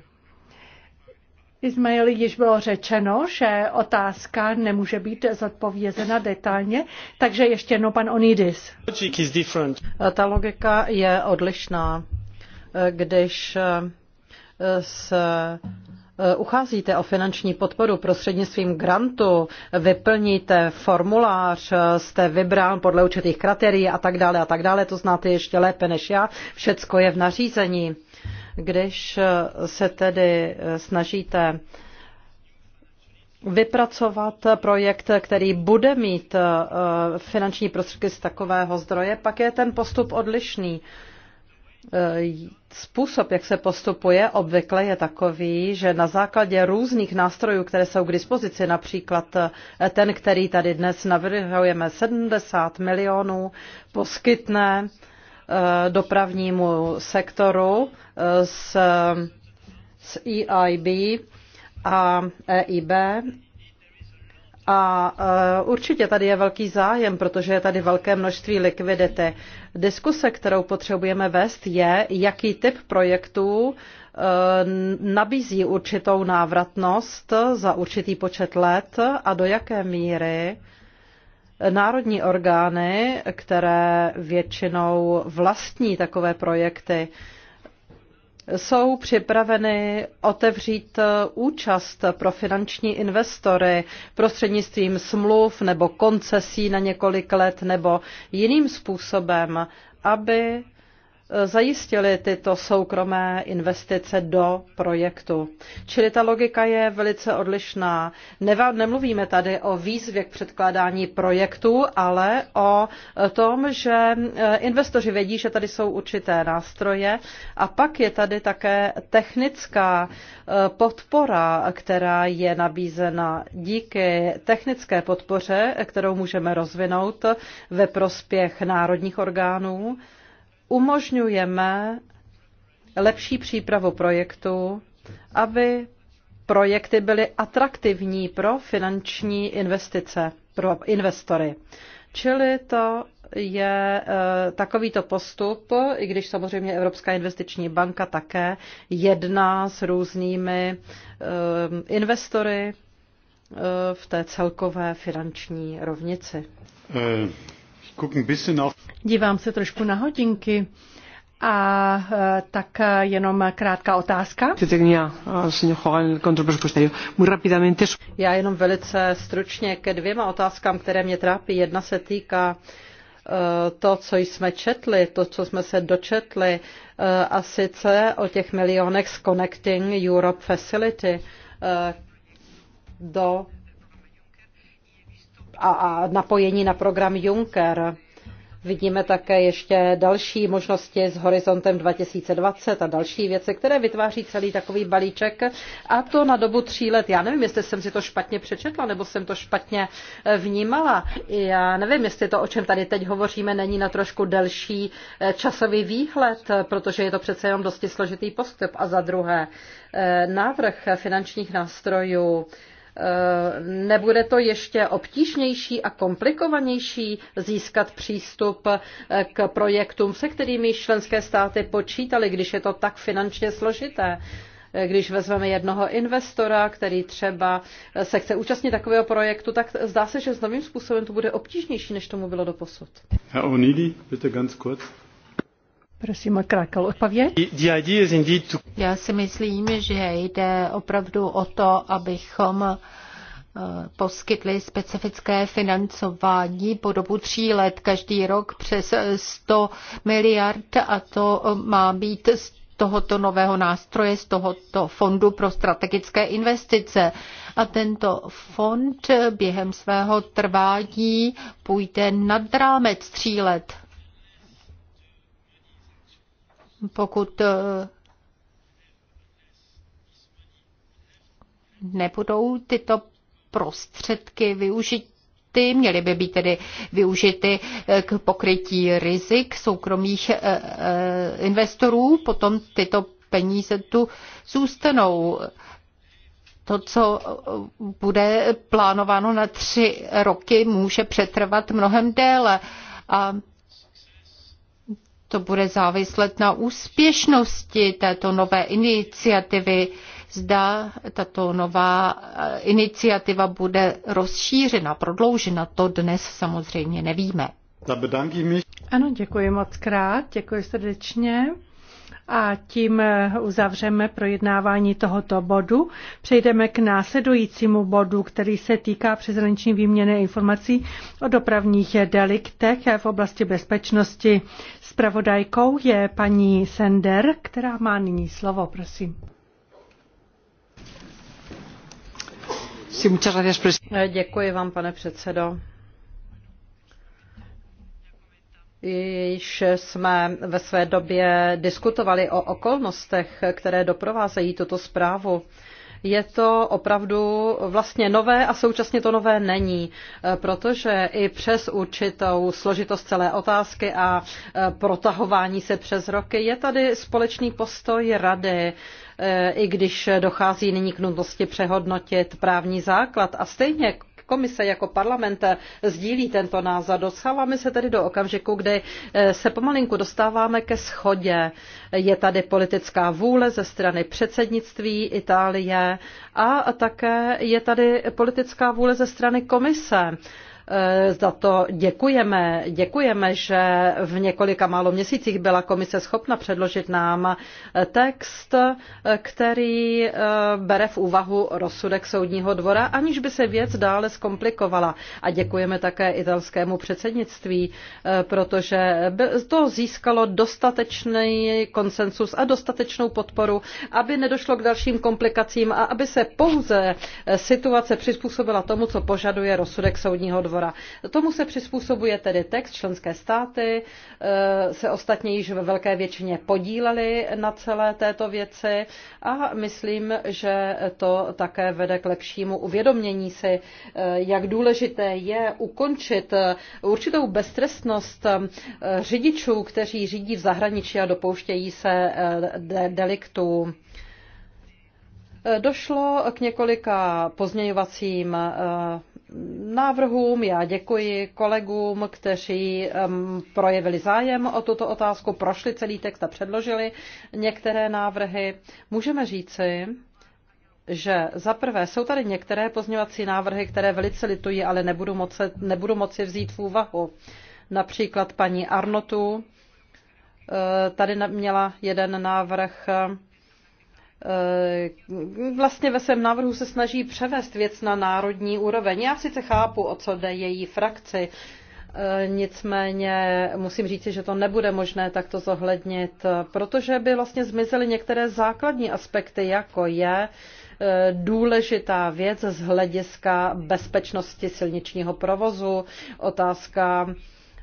Ismaili již bylo řečeno, že otázka nemůže být zodpovězena detailně, takže ještě jednou pan Onidis. Ta logika je odlišná. Když se Eh, ucházíte o finanční podporu prostřednictvím grantu, vyplníte formulář, eh, jste vybrán podle určitých kritérií a tak dále a tak dále, to znáte ještě lépe než já, všecko je v nařízení. Když eh, se tedy snažíte vypracovat projekt, který bude mít finanční prostředky z takového zdroje, pak je ten postup odlišný. Způsob, jak se postupuje, obvykle je takový, že na základě různých nástrojů, které jsou k dispozici, například eh, ten, který tady dnes navrhujeme 70 milionů, poskytne eh, dopravnímu sektoru eh, s, s EIB a EIB a eh, určitě tady je velký zájem, protože je tady velké množství likvidity. Diskuse, kterou potřebujeme vést, je, jaký typ projektů eh, nabízí určitou návratnost za určitý počet let a do jaké míry národní orgány, které většinou vlastní takové projekty, jsou připraveny otevřít účast pro finanční investory prostřednictvím smluv nebo koncesí na několik let nebo jiným způsobem, aby zajistili tyto soukromé investice do projektu. Čili ta logika je velice odlišná. nemluvíme tady o výzvě k předkládání projektu, ale o tom, že eh, investoři vědí, že tady jsou určité nástroje a pak je tady také technická eh, podpora, která je nabízena díky technické podpoře, kterou můžeme rozvinout ve prospěch národních orgánů umožňujeme lepší přípravu projektu, aby projekty byly atraktivní pro finanční investice, pro investory. Čili to je eh, takovýto postup, i když samozřejmě Evropská investiční banka také jedná s různými eh, investory eh, v té celkové finanční rovnici. Dívám se trošku na hodinky. A e, tak e, jenom krátká otázka. E, Já jenom velice stručně ke dvěma otázkám, které mě trápí. Jedna se týká to, co jsme četli, to, co jsme se dočetli, a sice o těch milionech z Connecting Europe Facility do a, a napojení na program Juncker. Vidíme také ještě další možnosti s horizontem 2020 a další věci, které vytváří celý takový balíček a to na dobu tří let. Já nevím, jestli jsem si to špatně přečetla nebo jsem to špatně eh, vnímala. Já nevím, jestli to, o čem tady teď hovoříme, není na trošku delší eh, časový výhled, protože je to přece jenom dosti složitý postup. A za druhé, eh, návrh finančních nástrojů Nebude to ještě obtížnější a komplikovanější získat přístup eh, k projektům, se kterými členské státy počítaly, když je to tak finančně složité? Eh, když vezmeme jednoho investora, který třeba eh, se chce účastnit takového projektu, tak zdá se, že s novým způsobem to bude obtížnější, než tomu bylo doposud. Herr Onidi, bitte ganz kurz. Prosím, krákal odpověď. Já si myslím, že jde opravdu o to, abychom eh, poskytli specifické financování po dobu tří let každý rok přes 100 eh, miliard a to eh, má být z tohoto nového nástroje, z tohoto fondu pro strategické investice. A tento fond během svého trvání půjde nad rámec tří let pokud eh, nebudou tyto prostředky využity, měly by být tedy využity eh, k pokrytí rizik soukromých eh, investorů, potom tyto peníze tu zůstanou. To, co bude plánováno na tři roky, může přetrvat mnohem déle. A to bude záviset na úspěšnosti této nové iniciativy. Zda tato nová eh, iniciativa bude rozšířena, prodloužena, to dnes samozřejmě nevíme. Ano, děkuji moc krát, děkuji srdečně. A tím eh, uzavřeme projednávání tohoto bodu. Přejdeme k následujícímu bodu, který se týká přeshraniční výměny informací o dopravních deliktech v oblasti bezpečnosti. Spravodajkou je paní Sender, která má nyní slovo, prosím. Eh, děkuji vám, pane předsedo. Již jsme ve své době diskutovali o okolnostech, které doprovázejí tuto zprávu je to opravdu vlastně nové a současně to nové není, eh, protože i přes určitou složitost celé otázky a eh, protahování se přes roky je tady společný postoj rady eh, i když dochází nyní k nutnosti přehodnotit právní základ a stejně komise jako parlament sdílí tento názor. Dostáváme se tedy do okamžiku, kdy eh, se pomalinku dostáváme ke schodě. Je tady politická vůle ze strany předsednictví Itálie a také je tady politická vůle ze strany komise Eh, za to děkujeme. Děkujeme, že v několika málo měsících byla komise schopna předložit nám eh, text, eh, který bere v úvahu rozsudek soudního dvora, aniž by se věc dále zkomplikovala. A děkujeme také italskému předsednictví, protože to získalo dostatečný konsensus a dostatečnou podporu, aby nedošlo k dalším komplikacím a aby se pouze situace přizpůsobila tomu, co požaduje rozsudek soudního dvora dvora. Tomu se přizpůsobuje tedy text. Členské státy eh, se ostatně již ve velké většině podílely na celé této věci a myslím, že to také vede k lepšímu uvědomění si, eh, jak důležité je ukončit eh, určitou beztrestnost řidičů, kteří řídí v zahraničí a dopouštějí se deliktů. Došlo k několika pozměňovacím eh, návrhům. Já děkuji kolegům, kteří projevili zájem o tuto otázku, prošli celý text a předložili některé návrhy. Můžeme říci, že za prvé jsou tady některé pozměňovací návrhy, které velice litují, ale nebudu moci, nebudu moci vzít v úvahu. Například paní Arnotu eh, tady měla jeden návrh Eh, vlastně ve svém návrhu se snaží převést věc na národní úroveň. Já sice chápu, o co jde její frakci, eh, Nicméně musím říci, že to nebude možné takto zohlednit, protože by vlastně zmizely některé základní aspekty, jako je eh, důležitá věc z hlediska bezpečnosti silničního provozu, otázka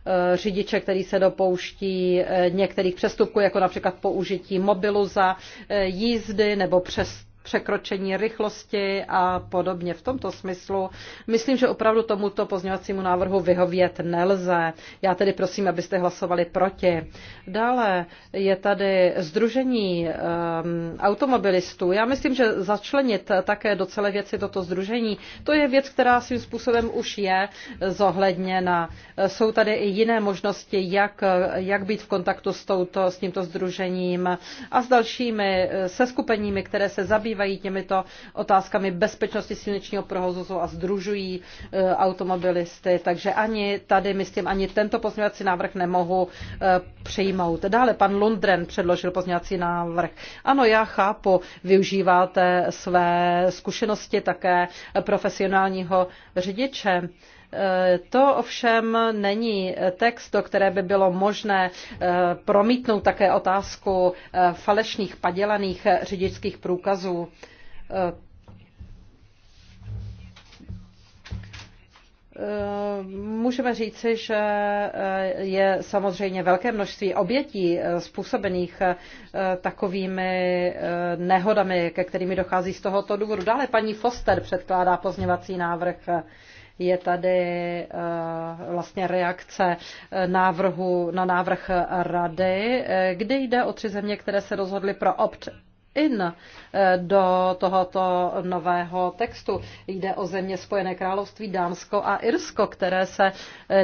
Eh, řidiče, který se dopouští eh, některých přestupků, jako například použití mobilu za eh, jízdy nebo přes překročení rychlosti a podobně. V tomto smyslu myslím, že opravdu tomuto pozněvacímu návrhu vyhovět nelze. Já tedy prosím, abyste hlasovali proti. Dále je tady Združení um, ehm, automobilistů. Já myslím, že začlenit také do celé věci toto združení, to je věc, která svým způsobem už je zohledněna. Jsou tady i jiné možnosti, jak, jak být v kontaktu s, touto, s tímto združením a s dalšími seskupeními, které se zabývají zabývají těmito otázkami bezpečnosti silničního provozu a združují eh, automobilisty. Takže ani tady, myslím, ani tento pozměňovací návrh nemohu eh, přijmout. Dále pan Lundren předložil pozměňovací návrh. Ano, já chápu, využíváte své zkušenosti také profesionálního řidiče. To ovšem není text, do které by bylo možné eh, promítnout také otázku eh, falešných padělaných řidičských průkazů. Eh, můžeme říci, že je samozřejmě velké množství obětí způsobených takovými nehodami, ke kterými dochází z tohoto důvodu. Dále paní Foster předkládá pozněvací návrh je tady eh, vlastně reakce eh, návrhu na návrh rady, eh, kde jde o tři země, které se rozhodly pro opt in do tohoto nového textu. Jde o země Spojené království, Dánsko a Irsko, které se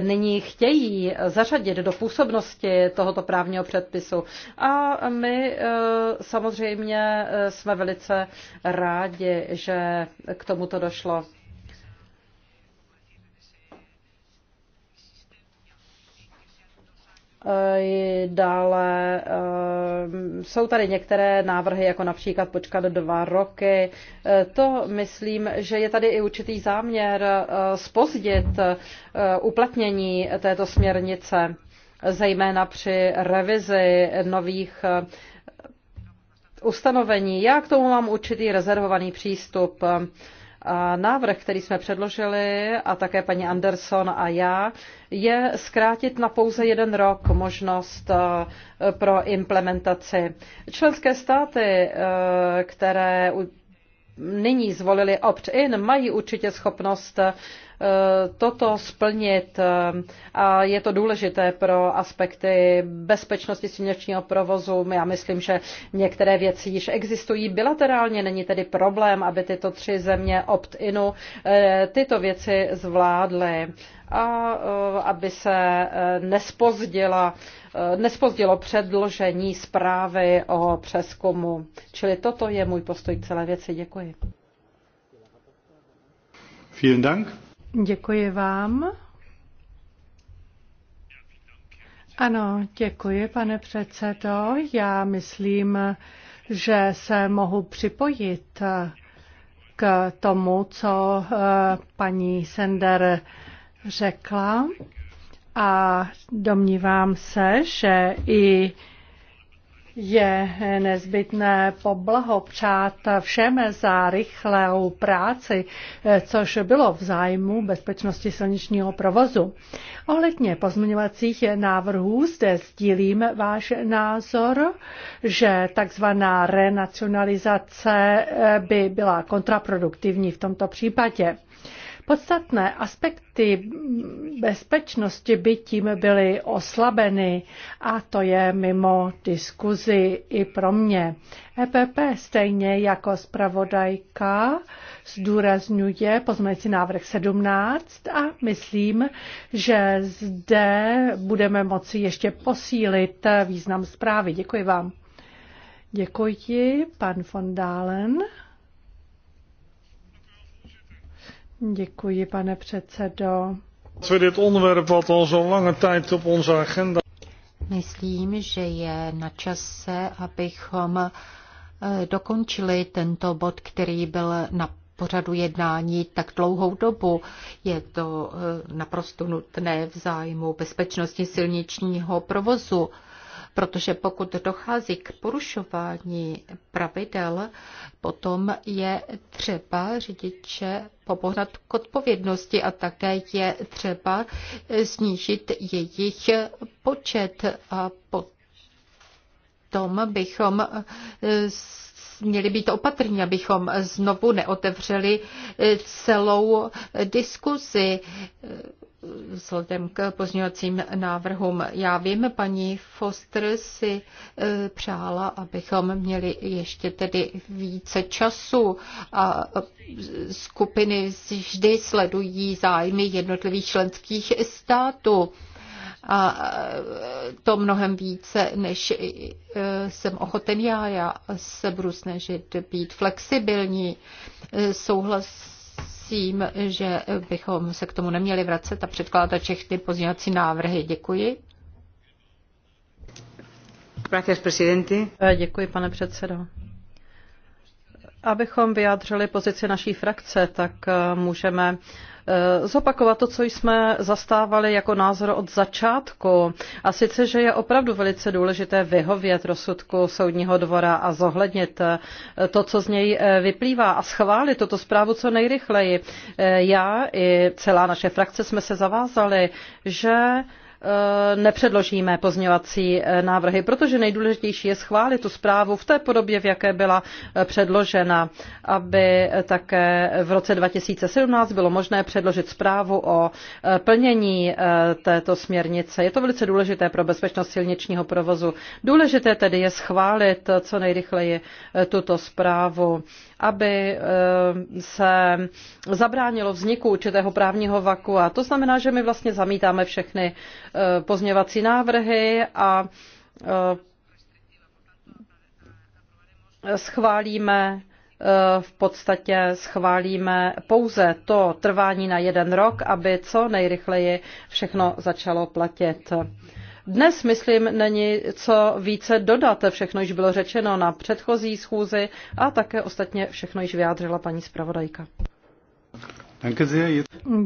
nyní chtějí zařadit do působnosti tohoto právního předpisu. A my samozřejmě jsme velice rádi, že k tomuto došlo. Eh, dále eh, jsou tady některé návrhy, jako například počkat dva roky. Eh, to myslím, že je tady i určitý záměr spozdit uplatnění této směrnice, zejména při revizi nových ustanovení. Já k tomu mám určitý rezervovaný přístup návrh, který jsme předložili, a také paní Anderson a já, je zkrátit na pouze jeden rok možnost eh, pro implementaci. Členské státy, eh, které nyní zvolili opt-in, mají určitě schopnost eh, Eh, toto splnit eh, a je to důležité pro aspekty bezpečnosti silničního provozu. Já myslím, že některé věci již existují bilaterálně, není tedy problém, aby tyto tři země opt-inu eh, tyto věci zvládly a aby se nespozdila, nespozdilo předložení zprávy o přeskumu. Čili toto je můj postoj k celé věci. Děkuji. Vielen Dank. Děkuji vám. Ano, děkuji, pane předsedo. Já myslím, že se mohu připojit k tomu, co eh, paní Sender řekla. A domnívám se, že i je nezbytné poblahopřát všem za rychlou práci, což bylo v zájmu bezpečnosti silničního provozu. Ohledně pozměňovacích návrhů zde sdílím váš názor, že takzvaná renacionalizace by byla kontraproduktivní v tomto případě. Podstatné aspekty bezpečnosti by tím byly oslabeny a to je mimo diskuzi i pro mě. EPP stejně jako zpravodajka zdůrazňuje pozměňující návrh 17 a myslím, že zde budeme moci ještě posílit význam zprávy. Děkuji vám. Děkuji, pan von Dalen. Děkuji, pane předsedo. Myslím, že je na čase, abychom eh, dokončili tento bod, který byl na pořadu jednání tak dlouhou dobu. Je to eh, naprosto nutné v zájmu bezpečnosti silničního provozu protože pokud dochází k porušování pravidel, potom je třeba řidiče popohnat k odpovědnosti a také je třeba snížit jejich počet a potom bychom měli být opatrní, abychom znovu neotevřeli celou diskusi vzhledem k pozňovacím návrhům. Já vím, paní Foster si e, přála, abychom měli ještě tedy více času a e, skupiny vždy sledují zájmy jednotlivých členských států a e, to mnohem více, než jsem ochoten já. Já se budu snažit být flexibilní. Souhlas Myslím, že bychom se k tomu neměli vracet a předkládat všechny pozměňovací návrhy. Děkuji. Eh, děkuji, pane předsedo. Abychom vyjádřili pozici naší frakce, tak eh, můžeme eh, zopakovat to, co jsme zastávali jako názor od začátku. A sice, že je opravdu velice důležité vyhovět rozsudku soudního dvora a zohlednit eh, to, co z něj vyplývá a schválit tuto zprávu co nejrychleji. Já i celá naše frakce jsme se zavázali, že Eh, nepředložíme pozměňovací eh, návrhy, protože nejdůležitější je schválit tu zprávu v té podobě, v jaké byla eh, předložena, aby také v roce 2017 bylo možné předložit zprávu o plnění této směrnice. Je to velice důležité pro bezpečnost silničního provozu. Důležité tedy je schválit co nejrychleji tuto zprávu aby eh, se zabránilo vzniku určitého právního vaku. A to znamená, že my vlastně zamítáme všechny eh, pozměvací návrhy a eh, schválíme v podstatě schválíme pouze to trvání na jeden rok, aby co nejrychleji všechno začalo platit. Dnes, myslím, není co více dodat. Všechno již bylo řečeno na předchozí schůzi a také ostatně všechno již vyjádřila paní zpravodajka.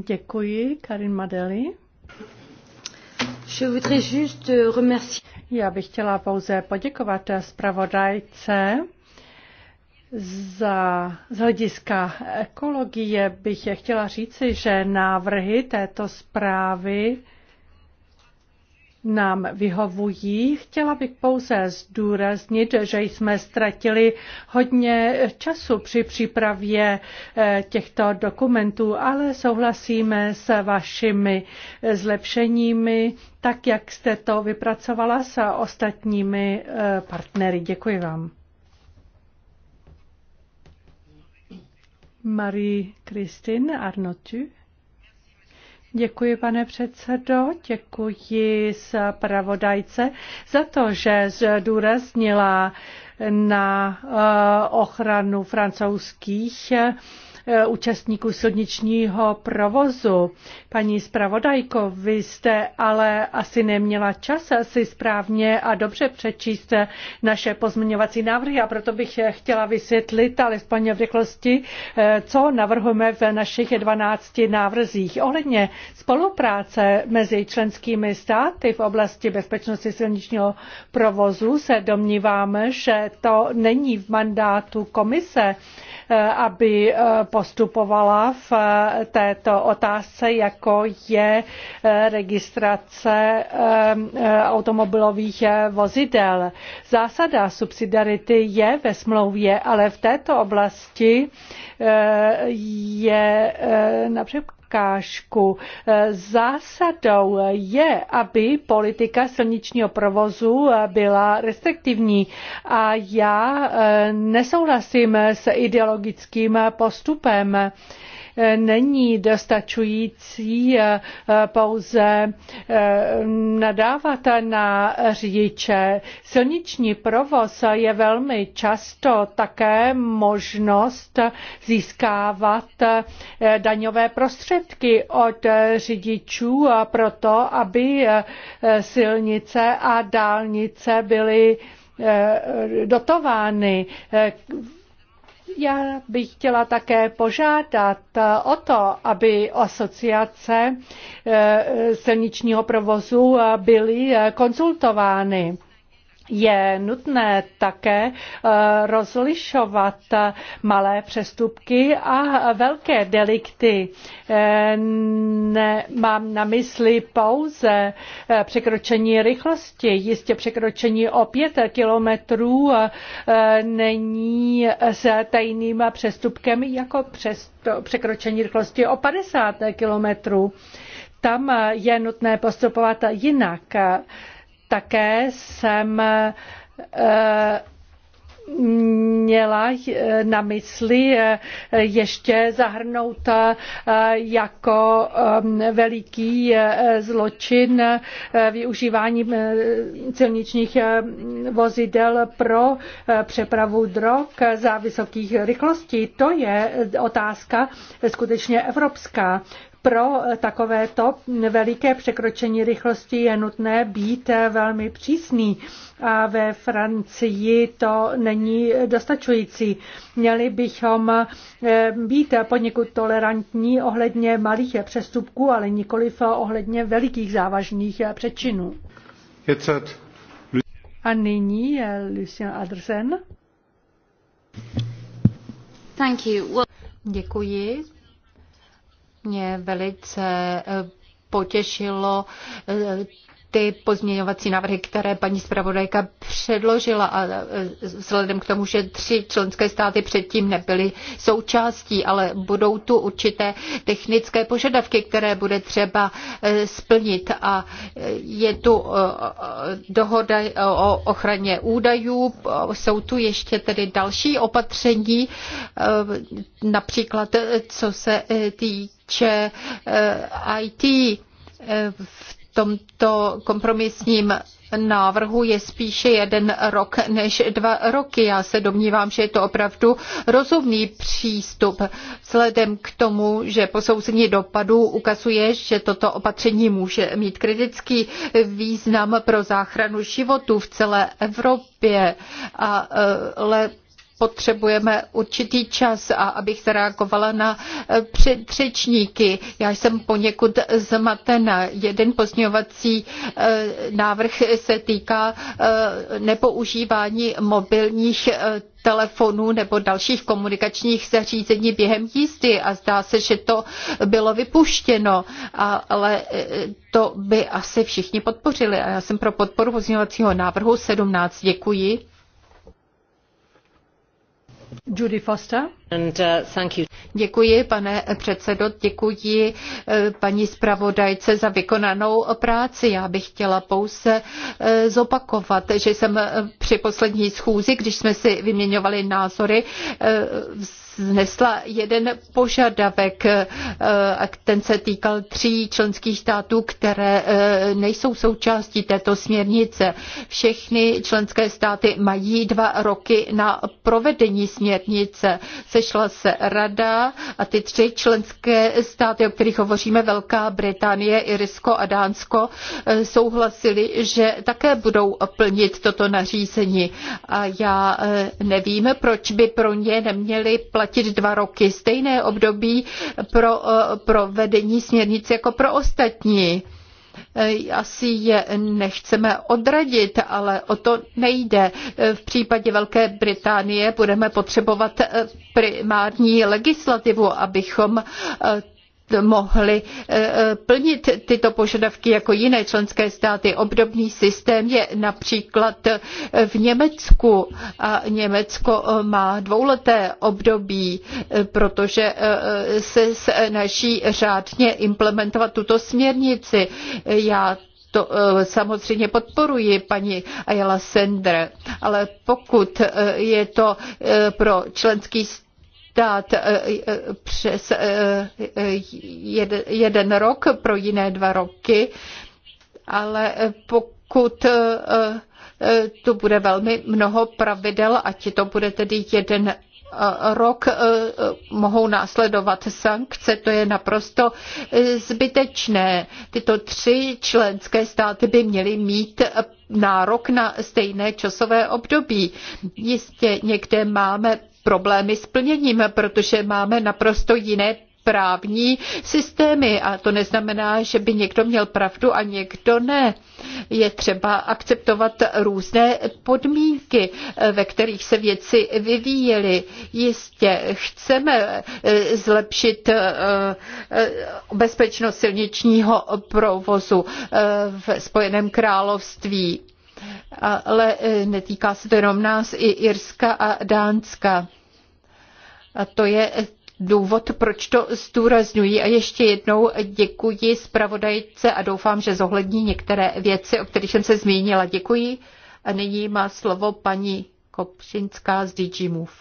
Děkuji, Karin Madeli. Já bych chtěla pouze poděkovat zpravodajce. Za, z hlediska ekologie bych chtěla říci, že návrhy této zprávy nám vyhovují. Chtěla bych pouze zdůraznit, že jsme ztratili hodně času při přípravě eh, těchto dokumentů, ale souhlasíme s vašimi zlepšeními, tak jak jste to vypracovala s ostatními eh, partnery. Děkuji vám. Marie-Christine Arnotu. Děkuji, pane předsedo, děkuji zpravodajce za to, že zdůraznila na eh, ochranu francouzských E, účastníků silničního provozu. Paní zpravodajko, vy jste ale asi neměla čas si správně a dobře přečíst naše pozměňovací návrhy a proto bych chtěla vysvětlit, alespoň v rychlosti, e, co navrhujeme v našich 12 návrzích. Ohledně spolupráce mezi členskými státy v oblasti bezpečnosti silničního provozu se domníváme, že to není v mandátu komise, e, aby postupovala v eh, této otázce, jako je eh, registrace eh, automobilových vozidel. Zásada subsidiarity je ve smlouvě, ale v této oblasti je například překážku. Eh, zásadou je, aby politika silničního provozu eh, byla restriktivní a já eh, nesouhlasím s ideologickým postupem není dostačující eh, pouze eh, nadávat na řidiče. Silniční provoz je velmi často také možnost získávat eh, daňové prostředky od řidičů proto, aby silnice a dálnice byly dotovány já bych chtěla také požádat o to, aby asociace eh, silničního provozu byly eh, konzultovány je nutné také eh, rozlišovat eh, malé přestupky a velké delikty. Eh, mám na mysli pouze překročení rychlosti. Jistě překročení o pět kilometrů není stejným přestupkem jako překročení rychlosti o 50 kilometrů tam je nutné postupovat jinak. Také jsem eh, měla eh, na mysli eh, ještě zahrnout jako veliký zločin využívání silničních vozidel pro přepravu drog za vysokých rychlostí. To je otázka skutečně evropská. Pro takovéto veliké překročení rychlosti je nutné být velmi přísný a ve Francii to není dostačující. Měli bychom eh, být poněkud tolerantní ohledně malých přestupků, ale nikoliv ohledně velikých závažných přečinů. A nyní Lucien Adersen. Thank you. Děkuji. Mě velice eh, potěšilo eh, ty pozměňovací návrhy, které paní zpravodajka předložila a e, vzhledem k tomu, že tři členské státy předtím nebyly součástí, ale budou tu určité technické požadavky, které bude třeba e, splnit a e, je tu dohoda o ochraně údajů, jsou tu ještě tedy další opatření, například co se týče IT v tomto kompromisním návrhu je spíše jeden rok než dva roky. Já se domnívám, že je to opravdu rozumný přístup vzhledem k tomu, že posouzení dopadů ukazuje, že toto opatření může mít kritický význam pro záchranu životů v celé Evropě, ale potřebujeme určitý čas a abych zareagovala na eh, předřečníky. Já jsem poněkud zmatena. Jeden pozměňovací eh, návrh se týká eh, nepoužívání mobilních telefonů nebo dalších komunikačních zařízení během jízdy a zdá se, že to bylo vypuštěno, ale to by asi všichni podpořili a já jsem pro podporu pozměňovacího návrhu 17. Děkuji. Judy Foster. Uh, děkuji, pane předsedo, děkuji eh, paní zpravodajce za vykonanou práci. Já bych chtěla pouze eh, zopakovat, že jsem eh, při poslední schůzi, když jsme si vyměňovali názory, znesla jeden požadavek, a ten se týkal tří členských států, které nejsou součástí této směrnice. Všechny členské státy mají dva roky na provedení směrnice. Se sešla se rada a ty tři členské státy, o kterých hovoříme, Velká Británie, Irsko a Dánsko, eh, souhlasili, že také budou plnit toto nařízení. A já eh, nevím, proč by pro ně neměli platit dva roky stejné období pro eh, provedení směrnice jako pro ostatní. Eh, asi je nechceme odradit, ale o to nejde. Eh, v případě Velké Británie budeme potřebovat eh, primární legislativu, abychom mohly eh, eh, plnit tyto požadavky jako jiné členské státy. Obdobný systém je například eh, v Německu a Německo má dvouleté období, protože se snaží řádně implementovat tuto směrnici. Já to samozřejmě podporuji paní Ayala Sender, ale pokud je to pro členský stát, dát eh, eh, přes eh, jeden rok, pro jiné dva roky, ale pokud tu bude velmi mnoho pravidel, ať to bude tedy jeden rok mohou následovat sankce, to je naprosto zbytečné. Tyto tři členské státy by měly mít nárok na stejné časové období. Jistě někde máme problémy s plněním, protože máme naprosto jiné právní systémy a to neznamená, že by někdo měl pravdu a někdo ne. Je třeba akceptovat různé podmínky, ve kterých se věci vyvíjely. Jistě chceme eh, zlepšit eh, eh, bezpečnost silničního provozu v Spojeném království ale e, netýká se to jenom nás, i Irska a Dánska. A to je důvod, proč to zdůrazňuji. A ještě jednou děkuji zpravodajce a doufám, že zohlední některé věci, o kterých jsem se zmínila. Děkuji. A nyní má slovo paní Kopřinská z DG Move.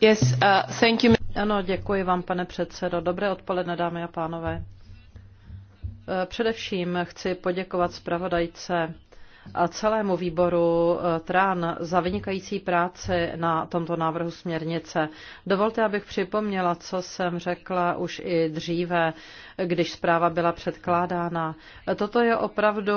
Yes, uh, thank you. Ano, děkuji vám, pane předsedo. Dobré odpoledne, dámy a pánové. Uh, především chci poděkovat zpravodajce a celému výboru eh, TRAN za vynikající práci na tomto návrhu směrnice. Dovolte, abych připomněla, co jsem řekla už i dříve, když zpráva byla předkládána. Toto je opravdu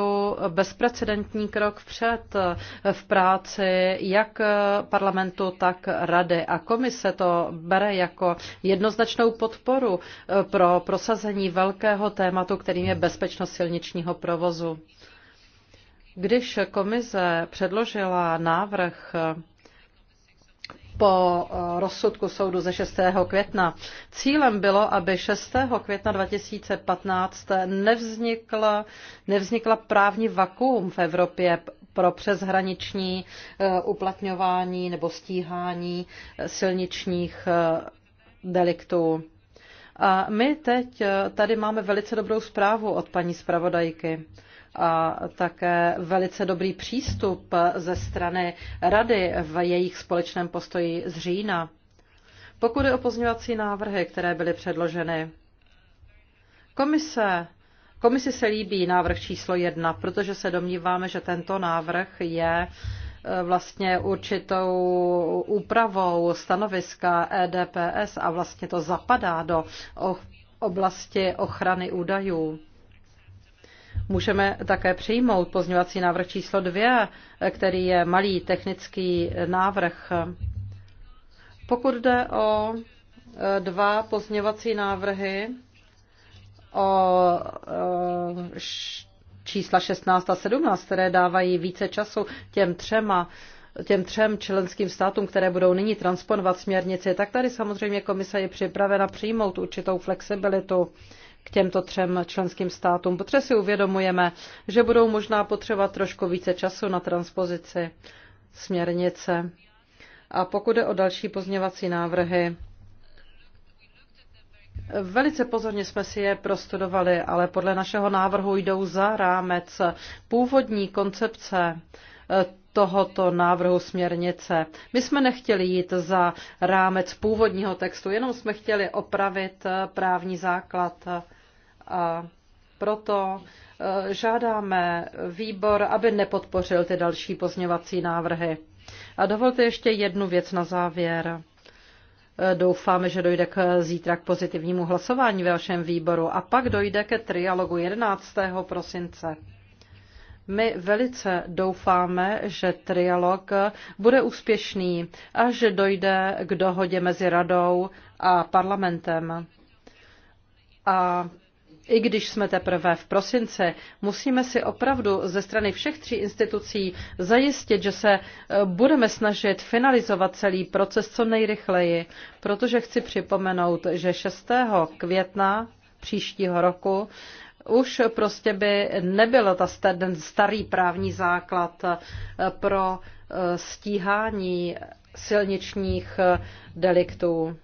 bezprecedentní krok před eh, v práci jak parlamentu, tak rady. A komise to bere jako jednoznačnou podporu eh, pro prosazení velkého tématu, kterým je bezpečnost silničního provozu. Když komise předložila návrh po eh, rozsudku soudu ze 6. května. Cílem bylo, aby 6. května 2015 nevznikla, nevznikla právní vakuum v Evropě pro přeshraniční eh, uplatňování nebo stíhání eh, silničních deliktů. A my teď tady máme velice dobrou zprávu od paní zpravodajky a také velice dobrý přístup ze strany rady v jejich společném postoji z října. Pokud je o pozměňovací návrhy, které byly předloženy, komise Komisi se líbí návrh číslo jedna, protože se domníváme, že tento návrh je e, vlastně určitou úpravou stanoviska EDPS a vlastně to zapadá do oblasti ochrany údajů. Můžeme také přijmout pozměňovací návrh číslo 2, který je malý technický návrh. Pokud jde o e, dva pozměňovací návrhy, o e, čísla 16 a 17, které dávají více času těm třema těm třem členským státům, které budou nyní transponovat směrnici, tak tady samozřejmě komise je připravena přijmout určitou flexibilitu k těmto třem členským státům, protože si uvědomujeme, že budou možná potřebovat trošku více času na transpozici směrnice. A pokud je o další pozněvací návrhy, Velice pozorně jsme si je prostudovali, ale podle našeho návrhu jdou za rámec původní koncepce tohoto návrhu směrnice. My jsme nechtěli jít za rámec původního textu, jenom jsme chtěli opravit právní základ. A proto eh, žádáme výbor, aby nepodpořil ty další pozněvací návrhy. A dovolte ještě jednu věc na závěr. Eh, doufáme, že dojde k zítra k pozitivnímu hlasování ve vašem výboru a pak dojde ke trialogu 11. prosince. My velice doufáme, že trialog bude úspěšný a že dojde k dohodě mezi radou a parlamentem. A i když jsme teprve v prosinci, musíme si opravdu ze strany všech tří institucí zajistit, že se eh, budeme snažit finalizovat celý proces co nejrychleji, protože chci připomenout, že 6. května příštího roku už prostě by nebyl ta, ten starý právní základ eh, pro eh, stíhání silničních eh, deliktů.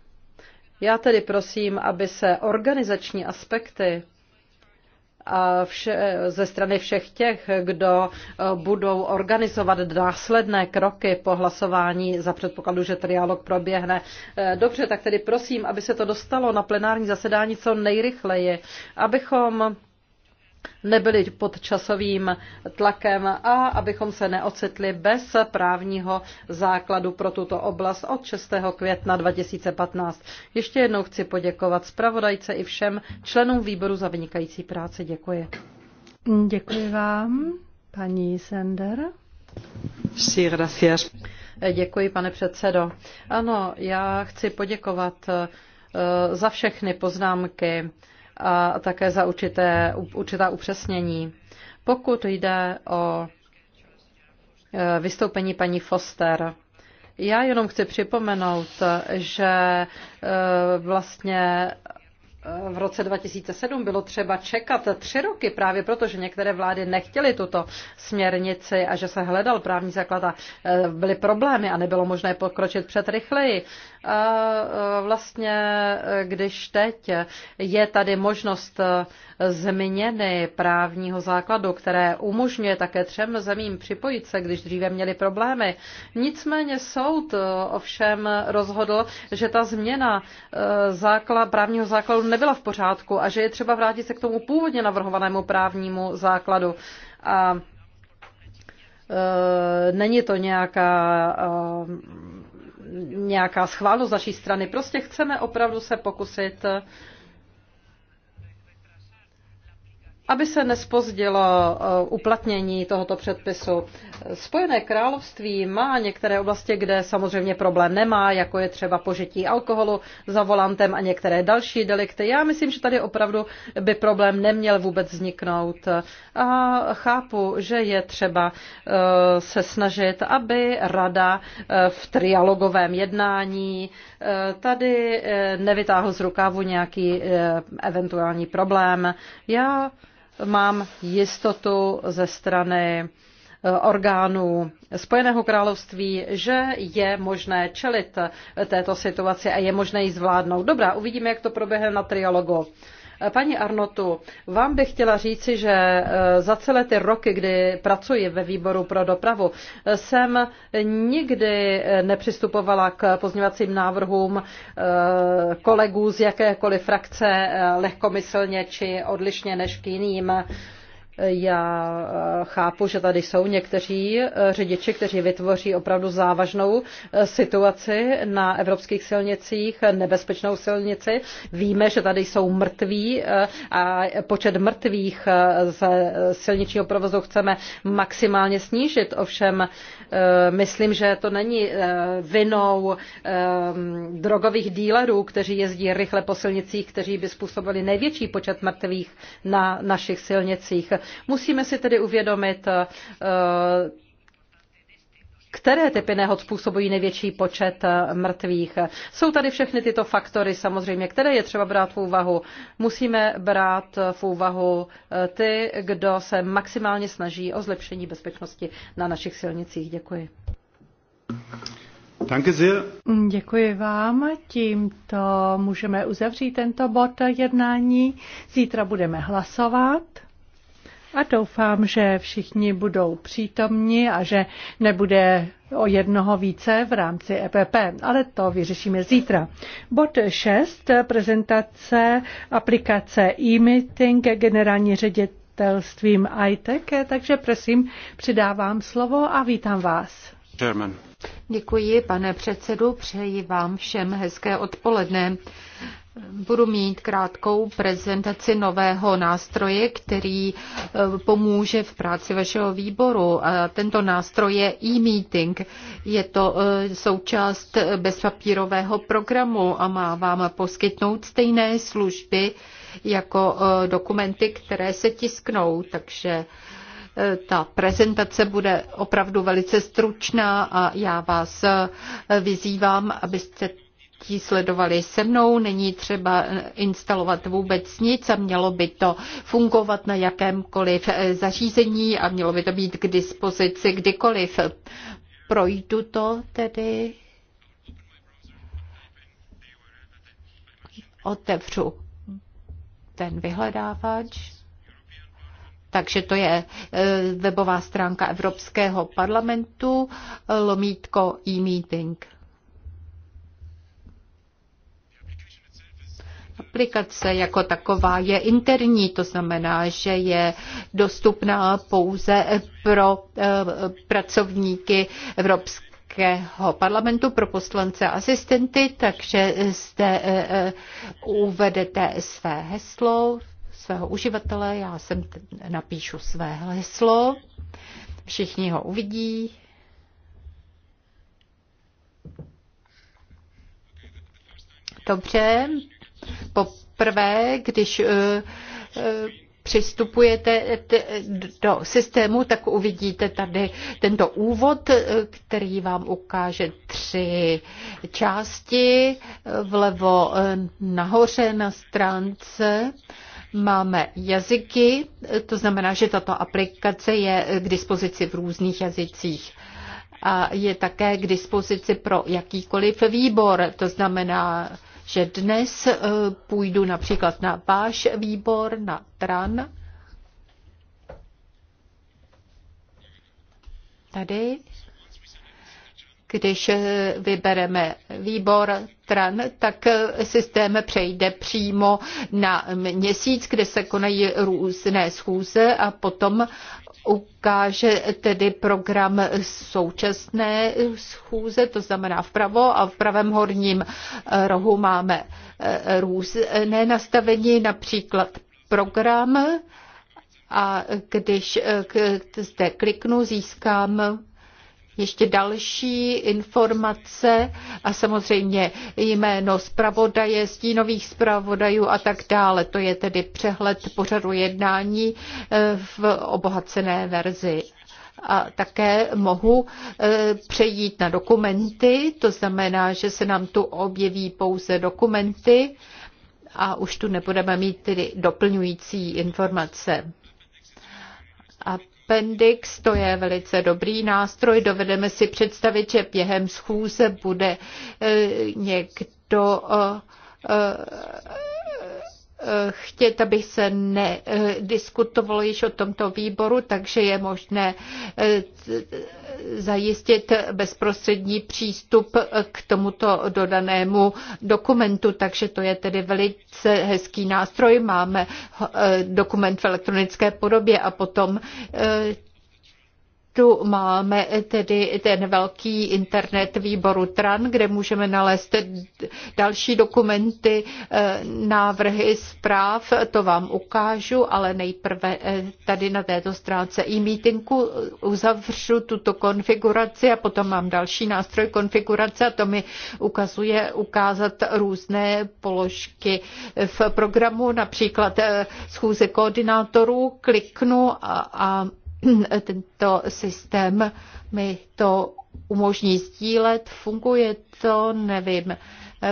Já tedy prosím, aby se organizační aspekty a vše, ze strany všech těch, kdo budou organizovat následné kroky po hlasování za předpokladu, že trialog proběhne. Dobře, tak tedy prosím, aby se to dostalo na plenární zasedání co nejrychleji, abychom nebyli pod časovým tlakem a abychom se neocitli bez právního základu pro tuto oblast od 6. května 2015. Ještě jednou chci poděkovat zpravodajce i všem členům výboru za vynikající práci. Děkuji. Děkuji vám, paní Sender. Sí, gracias. Děkuji, pane předsedo. Ano, já chci poděkovat eh, za všechny poznámky a také za určité, určitá upřesnění. Pokud jde o e, vystoupení paní Foster, já jenom chci připomenout, že e, vlastně e, v roce 2007 bylo třeba čekat tři roky právě proto, že některé vlády nechtěly tuto směrnici a že se hledal právní základ a byly problémy a nebylo možné pokročit před rychleji vlastně, když teď je tady možnost změny právního základu, které umožňuje také třem zemím připojit se, když dříve měli problémy. Nicméně soud ovšem rozhodl, že ta změna e, základ, právního základu nebyla v pořádku a že je třeba vrátit se k tomu původně navrhovanému právnímu základu. A e, Není to nějaká nějaká schválnost z naší strany. Prostě chceme opravdu se pokusit aby se nespozdilo eh, uplatnění tohoto předpisu. Spojené království má některé oblasti, kde samozřejmě problém nemá, jako je třeba požití alkoholu za volantem a některé další delikty. Já myslím, že tady opravdu by problém neměl vůbec vzniknout. A chápu, že je třeba eh, se snažit, aby rada eh, v trialogovém jednání tady nevytáhl z rukávu nějaký eventuální problém. Já mám jistotu ze strany eh, orgánů Spojeného království, že je možné čelit eh, této situaci a je možné ji zvládnout. Dobrá, uvidíme, jak to proběhne na trialogu. Paní Arnotu, vám bych chtěla říci, že eh, za celé ty roky, kdy pracuji ve výboru pro dopravu, eh, jsem nikdy eh, nepřistupovala k pozměňovacím návrhům kolegů z jakékoliv frakce lehkomyslně či odlišně než k jiným. Já eh, chápu, že tady jsou někteří eh, řidiči, kteří vytvoří opravdu závažnou eh, situaci na evropských silnicích, nebezpečnou silnici. Víme, že tady jsou mrtví a počet mrtvých z silničního provozu chceme maximálně snížit. Ovšem Eh, myslím, že to není eh, vinou eh, drogových dílerů, kteří jezdí rychle po silnicích, kteří by způsobili největší počet mrtvých na našich silnicích. Musíme si tedy uvědomit které typy nehod způsobují největší počet eh, mrtvých. Jsou tady všechny tyto faktory samozřejmě, které je třeba brát v úvahu. Musíme brát v úvahu eh, ty, kdo se maximálně snaží o zlepšení bezpečnosti na našich silnicích. Děkuji. Děkuji vám. Tímto můžeme uzavřít tento bod jednání. Zítra budeme hlasovat a doufám, že všichni budou přítomni a že nebude o jednoho více v rámci EPP, ale to vyřešíme zítra. Bod 6, prezentace aplikace e-meeting generální ředitelstvím ITEC, takže prosím, přidávám slovo a vítám vás. German. Děkuji, pane předsedu, přeji vám všem hezké odpoledne. Budu mít krátkou prezentaci nového nástroje, který e, pomůže v práci vašeho výboru. A tento nástroj je e-meeting. Je to e, součást bezpapírového programu a má vám poskytnout stejné služby jako e, dokumenty, které se tisknou. Takže ta prezentace bude opravdu velice stručná a já vás vyzývám, abyste ti sledovali se mnou, není třeba instalovat vůbec nic a mělo by to fungovat na jakémkoliv eh, zařízení a mělo by to být k dispozici kdykoliv. Projdu to tedy. Otevřu ten vyhledávač. Takže to je eh, webová stránka Evropského parlamentu, eh, lomítko e-meeting. aplikace jako taková je interní, to znamená, že je dostupná pouze pro eh, pracovníky Evropské Evropského parlamentu pro poslance a asistenty, takže zde eh, eh, uvedete své heslo, svého uživatele, já sem napíšu své heslo, všichni ho uvidí. Dobře, Poprvé, když eh, eh, přistupujete do systému, tak uvidíte tady tento úvod, eh, který vám ukáže tři části. Vlevo nahoře na stránce máme jazyky, to znamená, že tato aplikace je k dispozici v různých jazycích a je také k dispozici pro jakýkoliv výbor, to znamená že dnes eh, půjdu například na váš výbor, na TRAN. Tady když eh, vybereme výbor TRAN, tak eh, systém přejde přímo na měsíc, kde se konají různé schůze a potom ukáže tedy program současné schůze, to znamená vpravo a v pravém horním rohu máme eh, různé nastavení, například program a když eh, zde kliknu, získám ještě další informace a samozřejmě jméno zpravodaje, stínových zpravodajů a tak dále. To je tedy přehled pořadu jednání eh, v obohacené verzi a také mohu eh, přejít na dokumenty, to znamená, že se nám tu objeví pouze dokumenty a už tu nebudeme mít tedy doplňující informace. A Appendix, to je velice dobrý nástroj. Dovedeme si představit, že během schůze bude eh, někdo eh, eh, chtět, aby se nediskutovalo již o tomto výboru, takže je možné eh, zajistit bezprostřední přístup k tomuto dodanému dokumentu, takže to je tedy velice hezký nástroj. Máme eh, dokument v elektronické podobě a potom eh, tu máme tedy ten velký internet výboru TRAN, kde můžeme nalézt další dokumenty, eh, návrhy zpráv, to vám ukážu, ale nejprve eh, tady na této stránce e-meetingu uzavřu tuto konfiguraci a potom mám další nástroj konfigurace a to mi ukazuje ukázat různé položky v programu, například eh, schůze koordinátorů, kliknu a, a tento systém mi to umožní sdílet, funguje to, nevím.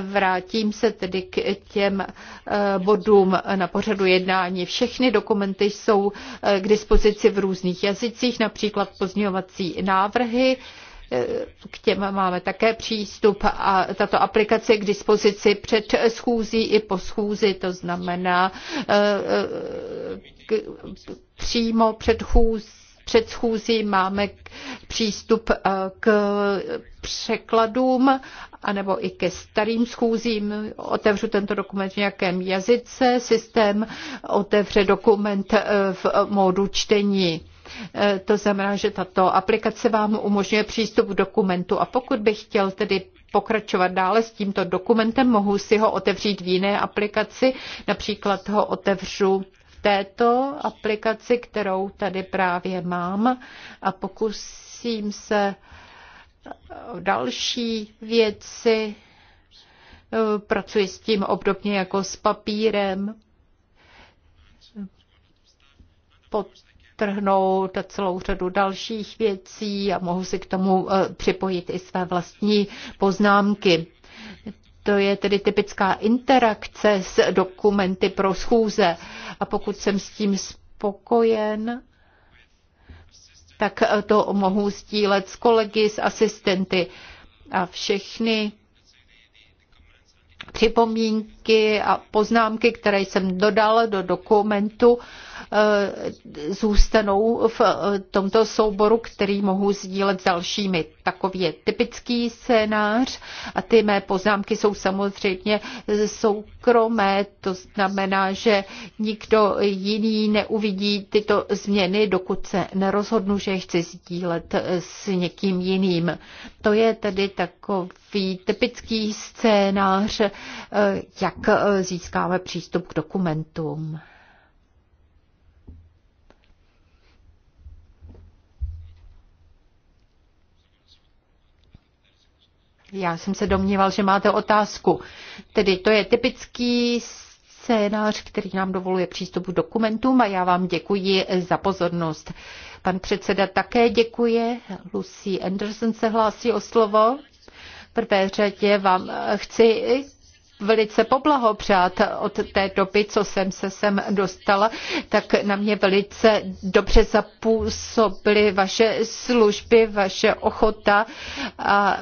Vrátím se tedy k těm eh, bodům na pořadu jednání. Všechny dokumenty jsou eh, k dispozici v různých jazycích, například pozměňovací návrhy k těm máme také přístup a tato aplikace je k dispozici před schůzí i po schůzi, to znamená eh, eh, přímo před chůzí před schůzí máme přístup eh, k překladům anebo i ke starým schůzím. Otevřu tento dokument v nějakém jazyce, systém otevře dokument v módu čtení. Eh, to znamená, že tato aplikace vám umožňuje přístup k dokumentu a pokud bych chtěl tedy pokračovat dále s tímto dokumentem, mohu si ho otevřít v jiné aplikaci, například ho otevřu v této aplikaci, kterou tady právě mám a pokusím se eh, další věci. Eh, pracuji s tím obdobně jako s papírem. Pot podtrhnout celou řadu dalších věcí a mohu si k tomu eh, připojit i své vlastní poznámky. To je tedy typická interakce s dokumenty pro schůze a pokud jsem s tím spokojen, tak eh, to mohu sdílet s kolegy, s asistenty a všechny připomínky a poznámky, které jsem dodal do dokumentu, Eh, zůstanou v eh, tomto souboru, který mohou sdílet s dalšími. Takový je typický scénář a ty mé poznámky jsou samozřejmě soukromé, to znamená, že nikdo jiný neuvidí tyto změny, dokud se nerozhodnu, že je chci sdílet eh, s někým jiným. To je tedy takový typický scénář, jak získáme přístup k dokumentům. Já jsem se domníval, že máte otázku. Tedy to je typický scénář, který nám dovoluje přístup k dokumentům a já vám děkuji za pozornost. Pan předseda také děkuje. Lucy Anderson se hlásí o slovo. V prvé řadě vám chci velice poblahopřát od té doby, co jsem se sem dostala, tak na mě velice dobře zapůsobily vaše služby, vaše ochota a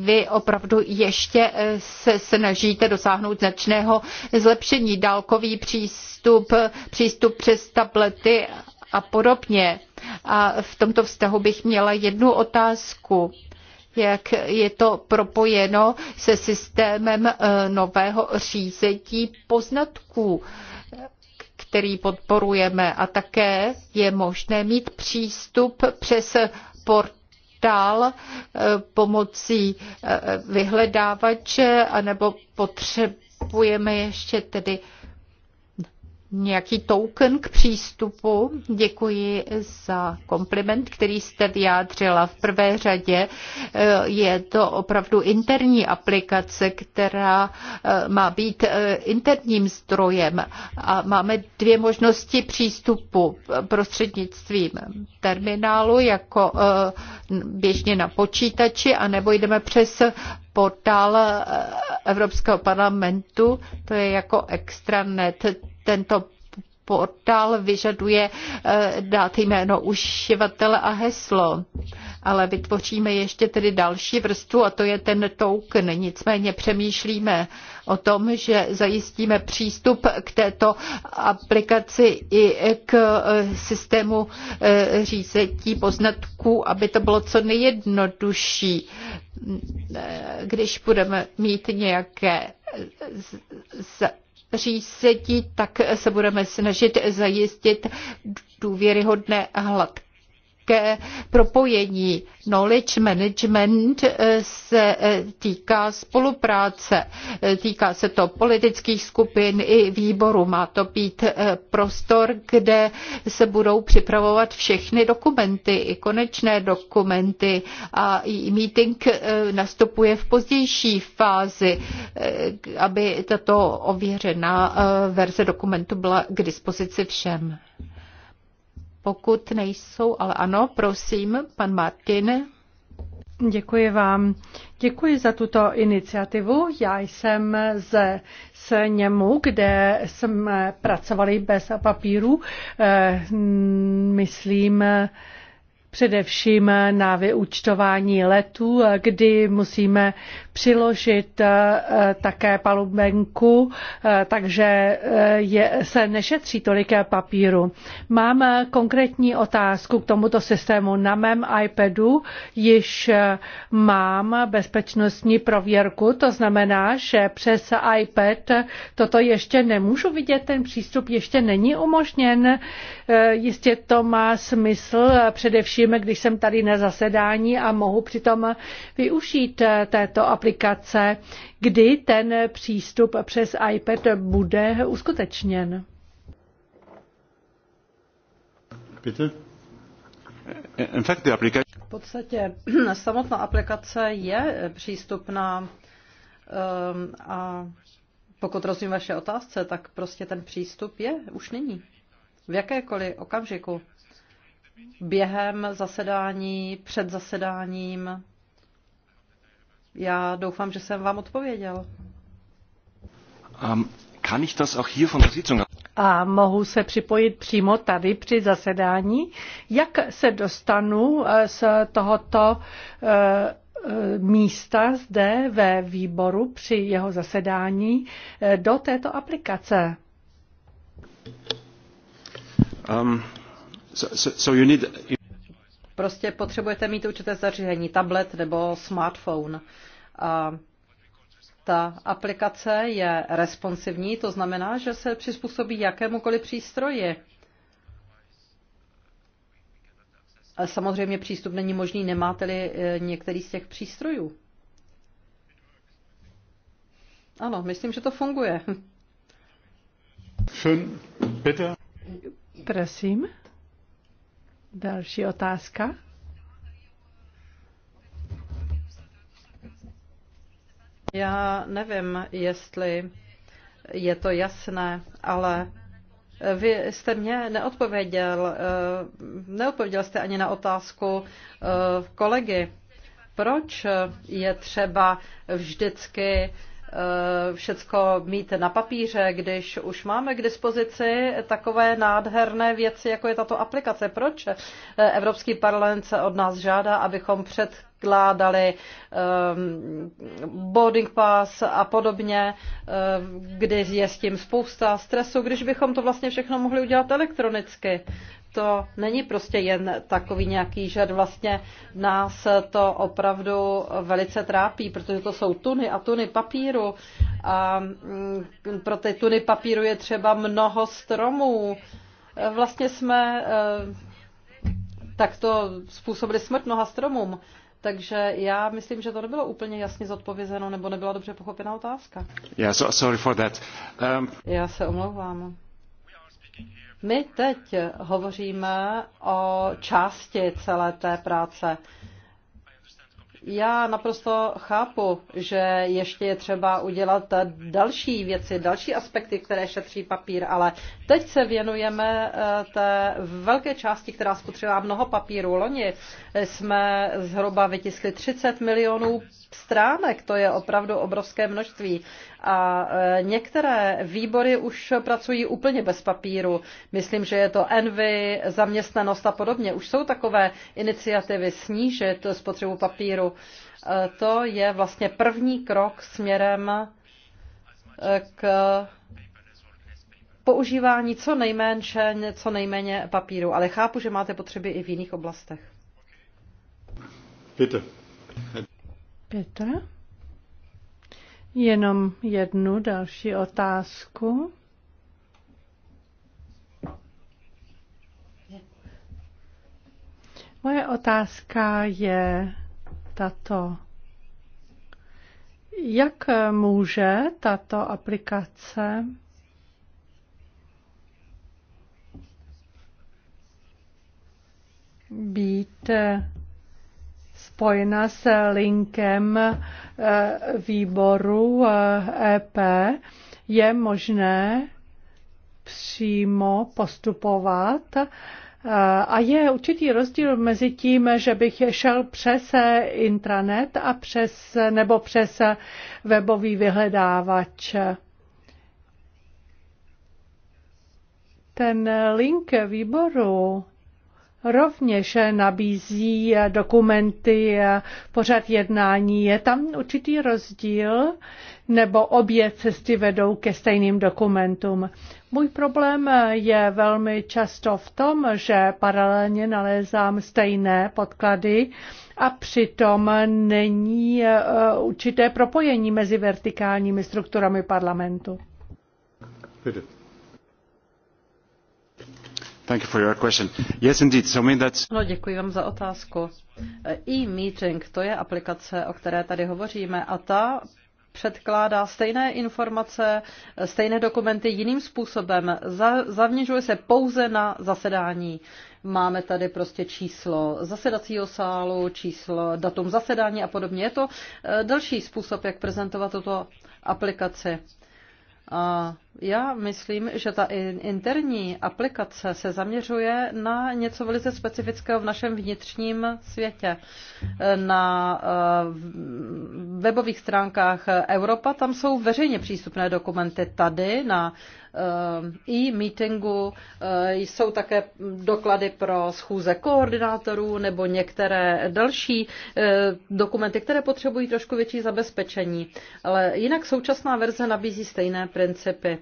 vy opravdu ještě eh, se snažíte dosáhnout značného zlepšení, dálkový přístup, přístup přes tablety a podobně. A v tomto vztahu bych měla jednu otázku jak je to propojeno se systémem eh, nového řízení poznatků, který podporujeme. A také je možné mít přístup přes port dál eh, pomocí eh, vyhledávače, anebo potřebujeme ještě tedy nějaký token k přístupu. Děkuji za kompliment, který jste vyjádřila. V prvé řadě eh, je to opravdu interní aplikace, která eh, má být eh, interním zdrojem a máme dvě možnosti přístupu prostřednictvím terminálu jako běžně na počítači a nebo jdeme přes portál Evropského parlamentu, to je jako extranet tento portál vyžaduje eh, dát jméno uživatele a heslo. Ale vytvoříme ještě tedy další vrstvu a to je ten token. Nicméně přemýšlíme o tom, že zajistíme přístup k této aplikaci i k eh, systému eh, řízetí poznatků, aby to bylo co nejjednodušší. Když budeme mít nějaké přísedí, tak se budeme snažit zajistit důvěryhodné a hladké také propojení. Knowledge management eh, se eh, týká spolupráce, eh, týká se to politických skupin i výboru. Má to být prostor, kde se budou připravovat všechny dokumenty, i konečné dokumenty a meeting nastupuje v pozdější fázi, aby tato ověřená verze dokumentu byla k dispozici všem. Pokud nejsou, ale ano, prosím, pan Martin. Děkuji vám. Děkuji za tuto iniciativu. Já jsem ze s němu, kde jsme pracovali bez papíru. Eh, myslím, především na vyúčtování letů, kdy musíme přiložit eh, také palubenku, eh, takže eh, je, se nešetří tolik papíru. Mám konkrétní otázku k tomuto systému. Na mém iPadu již mám bezpečnostní prověrku, to znamená, že přes iPad toto ještě nemůžu vidět, ten přístup ještě není umožněn. Jistě to má smysl především těším, když jsem tady na zasedání a mohu přitom využít eh, této aplikace, kdy ten přístup přes iPad bude uskutečněn. V podstatě samotná aplikace je eh, přístupná ehm, a pokud rozumím vaše otázce, tak prostě ten přístup je, už není. V jakékoliv okamžiku během zasedání, před zasedáním. Já doufám, že jsem vám odpověděl. Um, kann ich das auch hier von der Sitzung a mohu se připojit přímo tady při zasedání. Jak se dostanu eh, z tohoto eh, místa zde ve výboru při jeho zasedání eh, do této aplikace? Um, so, you need... Prostě potřebujete mít určité zařízení, tablet nebo smartphone. A ta aplikace je responsivní, to znamená, že se přizpůsobí jakémukoliv přístroji. samozřejmě přístup není možný, nemáte-li e, některý z těch přístrojů. Ano, myslím, že to funguje. Prosím. Další otázka. Já nevím, jestli je to jasné, ale vy jste mě neodpověděl, eh, neodpověděl jste ani na otázku eh, kolegy. Proč je třeba vždycky Eh, všecko mít na papíře, když už máme k dispozici takové nádherné věci, jako je tato aplikace. Proč eh, Evropský parlament se od nás žádá, abychom před předkládali ehm, boarding pass a podobně, eh, kdy je s tím spousta stresu, když bychom to vlastně všechno mohli udělat elektronicky to není prostě jen takový nějaký žad. Vlastně nás to opravdu velice trápí, protože to jsou tuny a tuny papíru. A mm, pro ty tuny papíru je třeba mnoho stromů. Vlastně jsme eh, takto způsobili smrt mnoha stromům. Takže já myslím, že to nebylo úplně jasně zodpovězeno, nebo nebyla dobře pochopená otázka. Yeah, so, sorry for that. Um... Já se omlouvám. My teď hovoříme o části celé té práce. Já naprosto chápu, že ještě je třeba udělat další věci, další aspekty, které šetří papír, ale teď se věnujeme eh, té velké části, která spotřebovala mnoho papíru. Loni jsme zhruba vytiskli 30 milionů stránek, to je opravdu obrovské množství. A e, některé výbory už pracují úplně bez papíru. Myslím, že je to envy, zaměstnanost a podobně. Už jsou takové iniciativy snížit spotřebu papíru. E, to je vlastně první krok směrem e, k používání co nejméně, co nejméně papíru, ale chápu, že máte potřeby i v jiných oblastech. Bitte. Petra, Jenom jednu další otázku. Moje otázka je tato. Jak může tato aplikace být spojena s linkem eh, výboru EP, eh, e je možné přímo postupovat eh, a je určitý rozdíl mezi tím, že bych šel přes intranet a přes, nebo přes webový vyhledávač. Ten link výboru rovněž nabízí dokumenty, pořad jednání. Je tam určitý rozdíl, nebo obě cesty vedou ke stejným dokumentům. Můj problém je velmi často v tom, že paralelně nalézám stejné podklady a přitom není eh, určité propojení mezi vertikálními strukturami parlamentu. Bitte. No, děkuji vám za otázku. E, e-meeting, to je aplikace, o které tady hovoříme, a ta předkládá stejné informace, stejné dokumenty jiným způsobem. Zavněžuje se pouze na zasedání. Máme tady prostě číslo zasedacího sálu, číslo datum zasedání a podobně. Je to e, další způsob, jak prezentovat tuto aplikaci. A já myslím, že ta interní aplikace se zaměřuje na něco velice specifického v našem vnitřním světě. Na eh, webových stránkách Europa tam jsou veřejně přístupné dokumenty. Tady na eh, e-meetingu eh, jsou také doklady pro schůze koordinátorů nebo některé další dokumenty, které potřebují trošku větší zabezpečení. Ale jinak současná verze nabízí stejné principy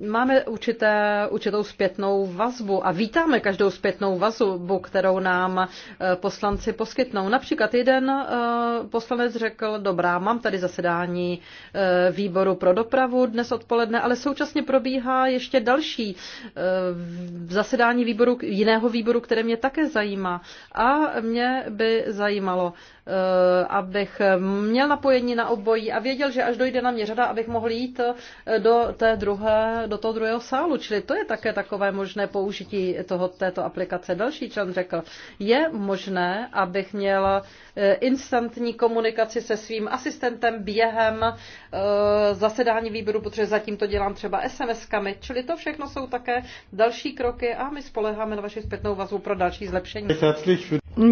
máme určité, určitou zpětnou vazbu a vítáme každou zpětnou vazbu, kterou nám eh, poslanci poskytnou. Například jeden eh, poslanec řekl, dobrá, mám tady zasedání eh, výboru pro dopravu dnes odpoledne, ale současně probíhá ještě další zasedání výboru, jiného výboru, které mě také zajímá. A mě by zajímalo, Eh, abych měl napojení na obojí a věděl, že až dojde na mě řada, abych mohl jít eh, do, té druhé, do toho druhého sálu. Čili to je také takové možné použití toho, této aplikace. Další člen řekl, je možné, abych měl eh, instantní komunikaci se svým asistentem během zasedání výboru, protože zatím to dělám třeba SMS-kami. Čili to všechno jsou také další kroky a my spoleháme na vaši zpětnou vazbu pro další zlepšení.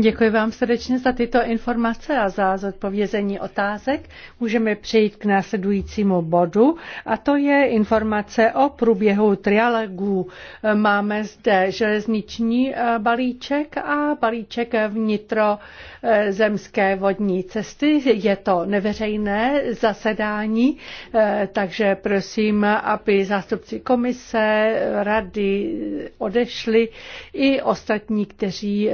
Děkuji vám srdečně za tyto informace informace a za zodpovězení otázek můžeme přejít k následujícímu bodu a to je informace o průběhu trialogů. Máme zde železniční eh, balíček a balíček eh, zemské vodní cesty. Je to neveřejné zasedání, eh, takže prosím, aby zástupci komise, rady odešli i ostatní, kteří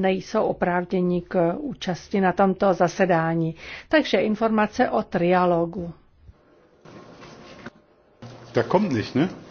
nejsou oprávněni k účasti účasti na tomto zasedání. Takže informace o trialogu. Da kommt nicht, ne?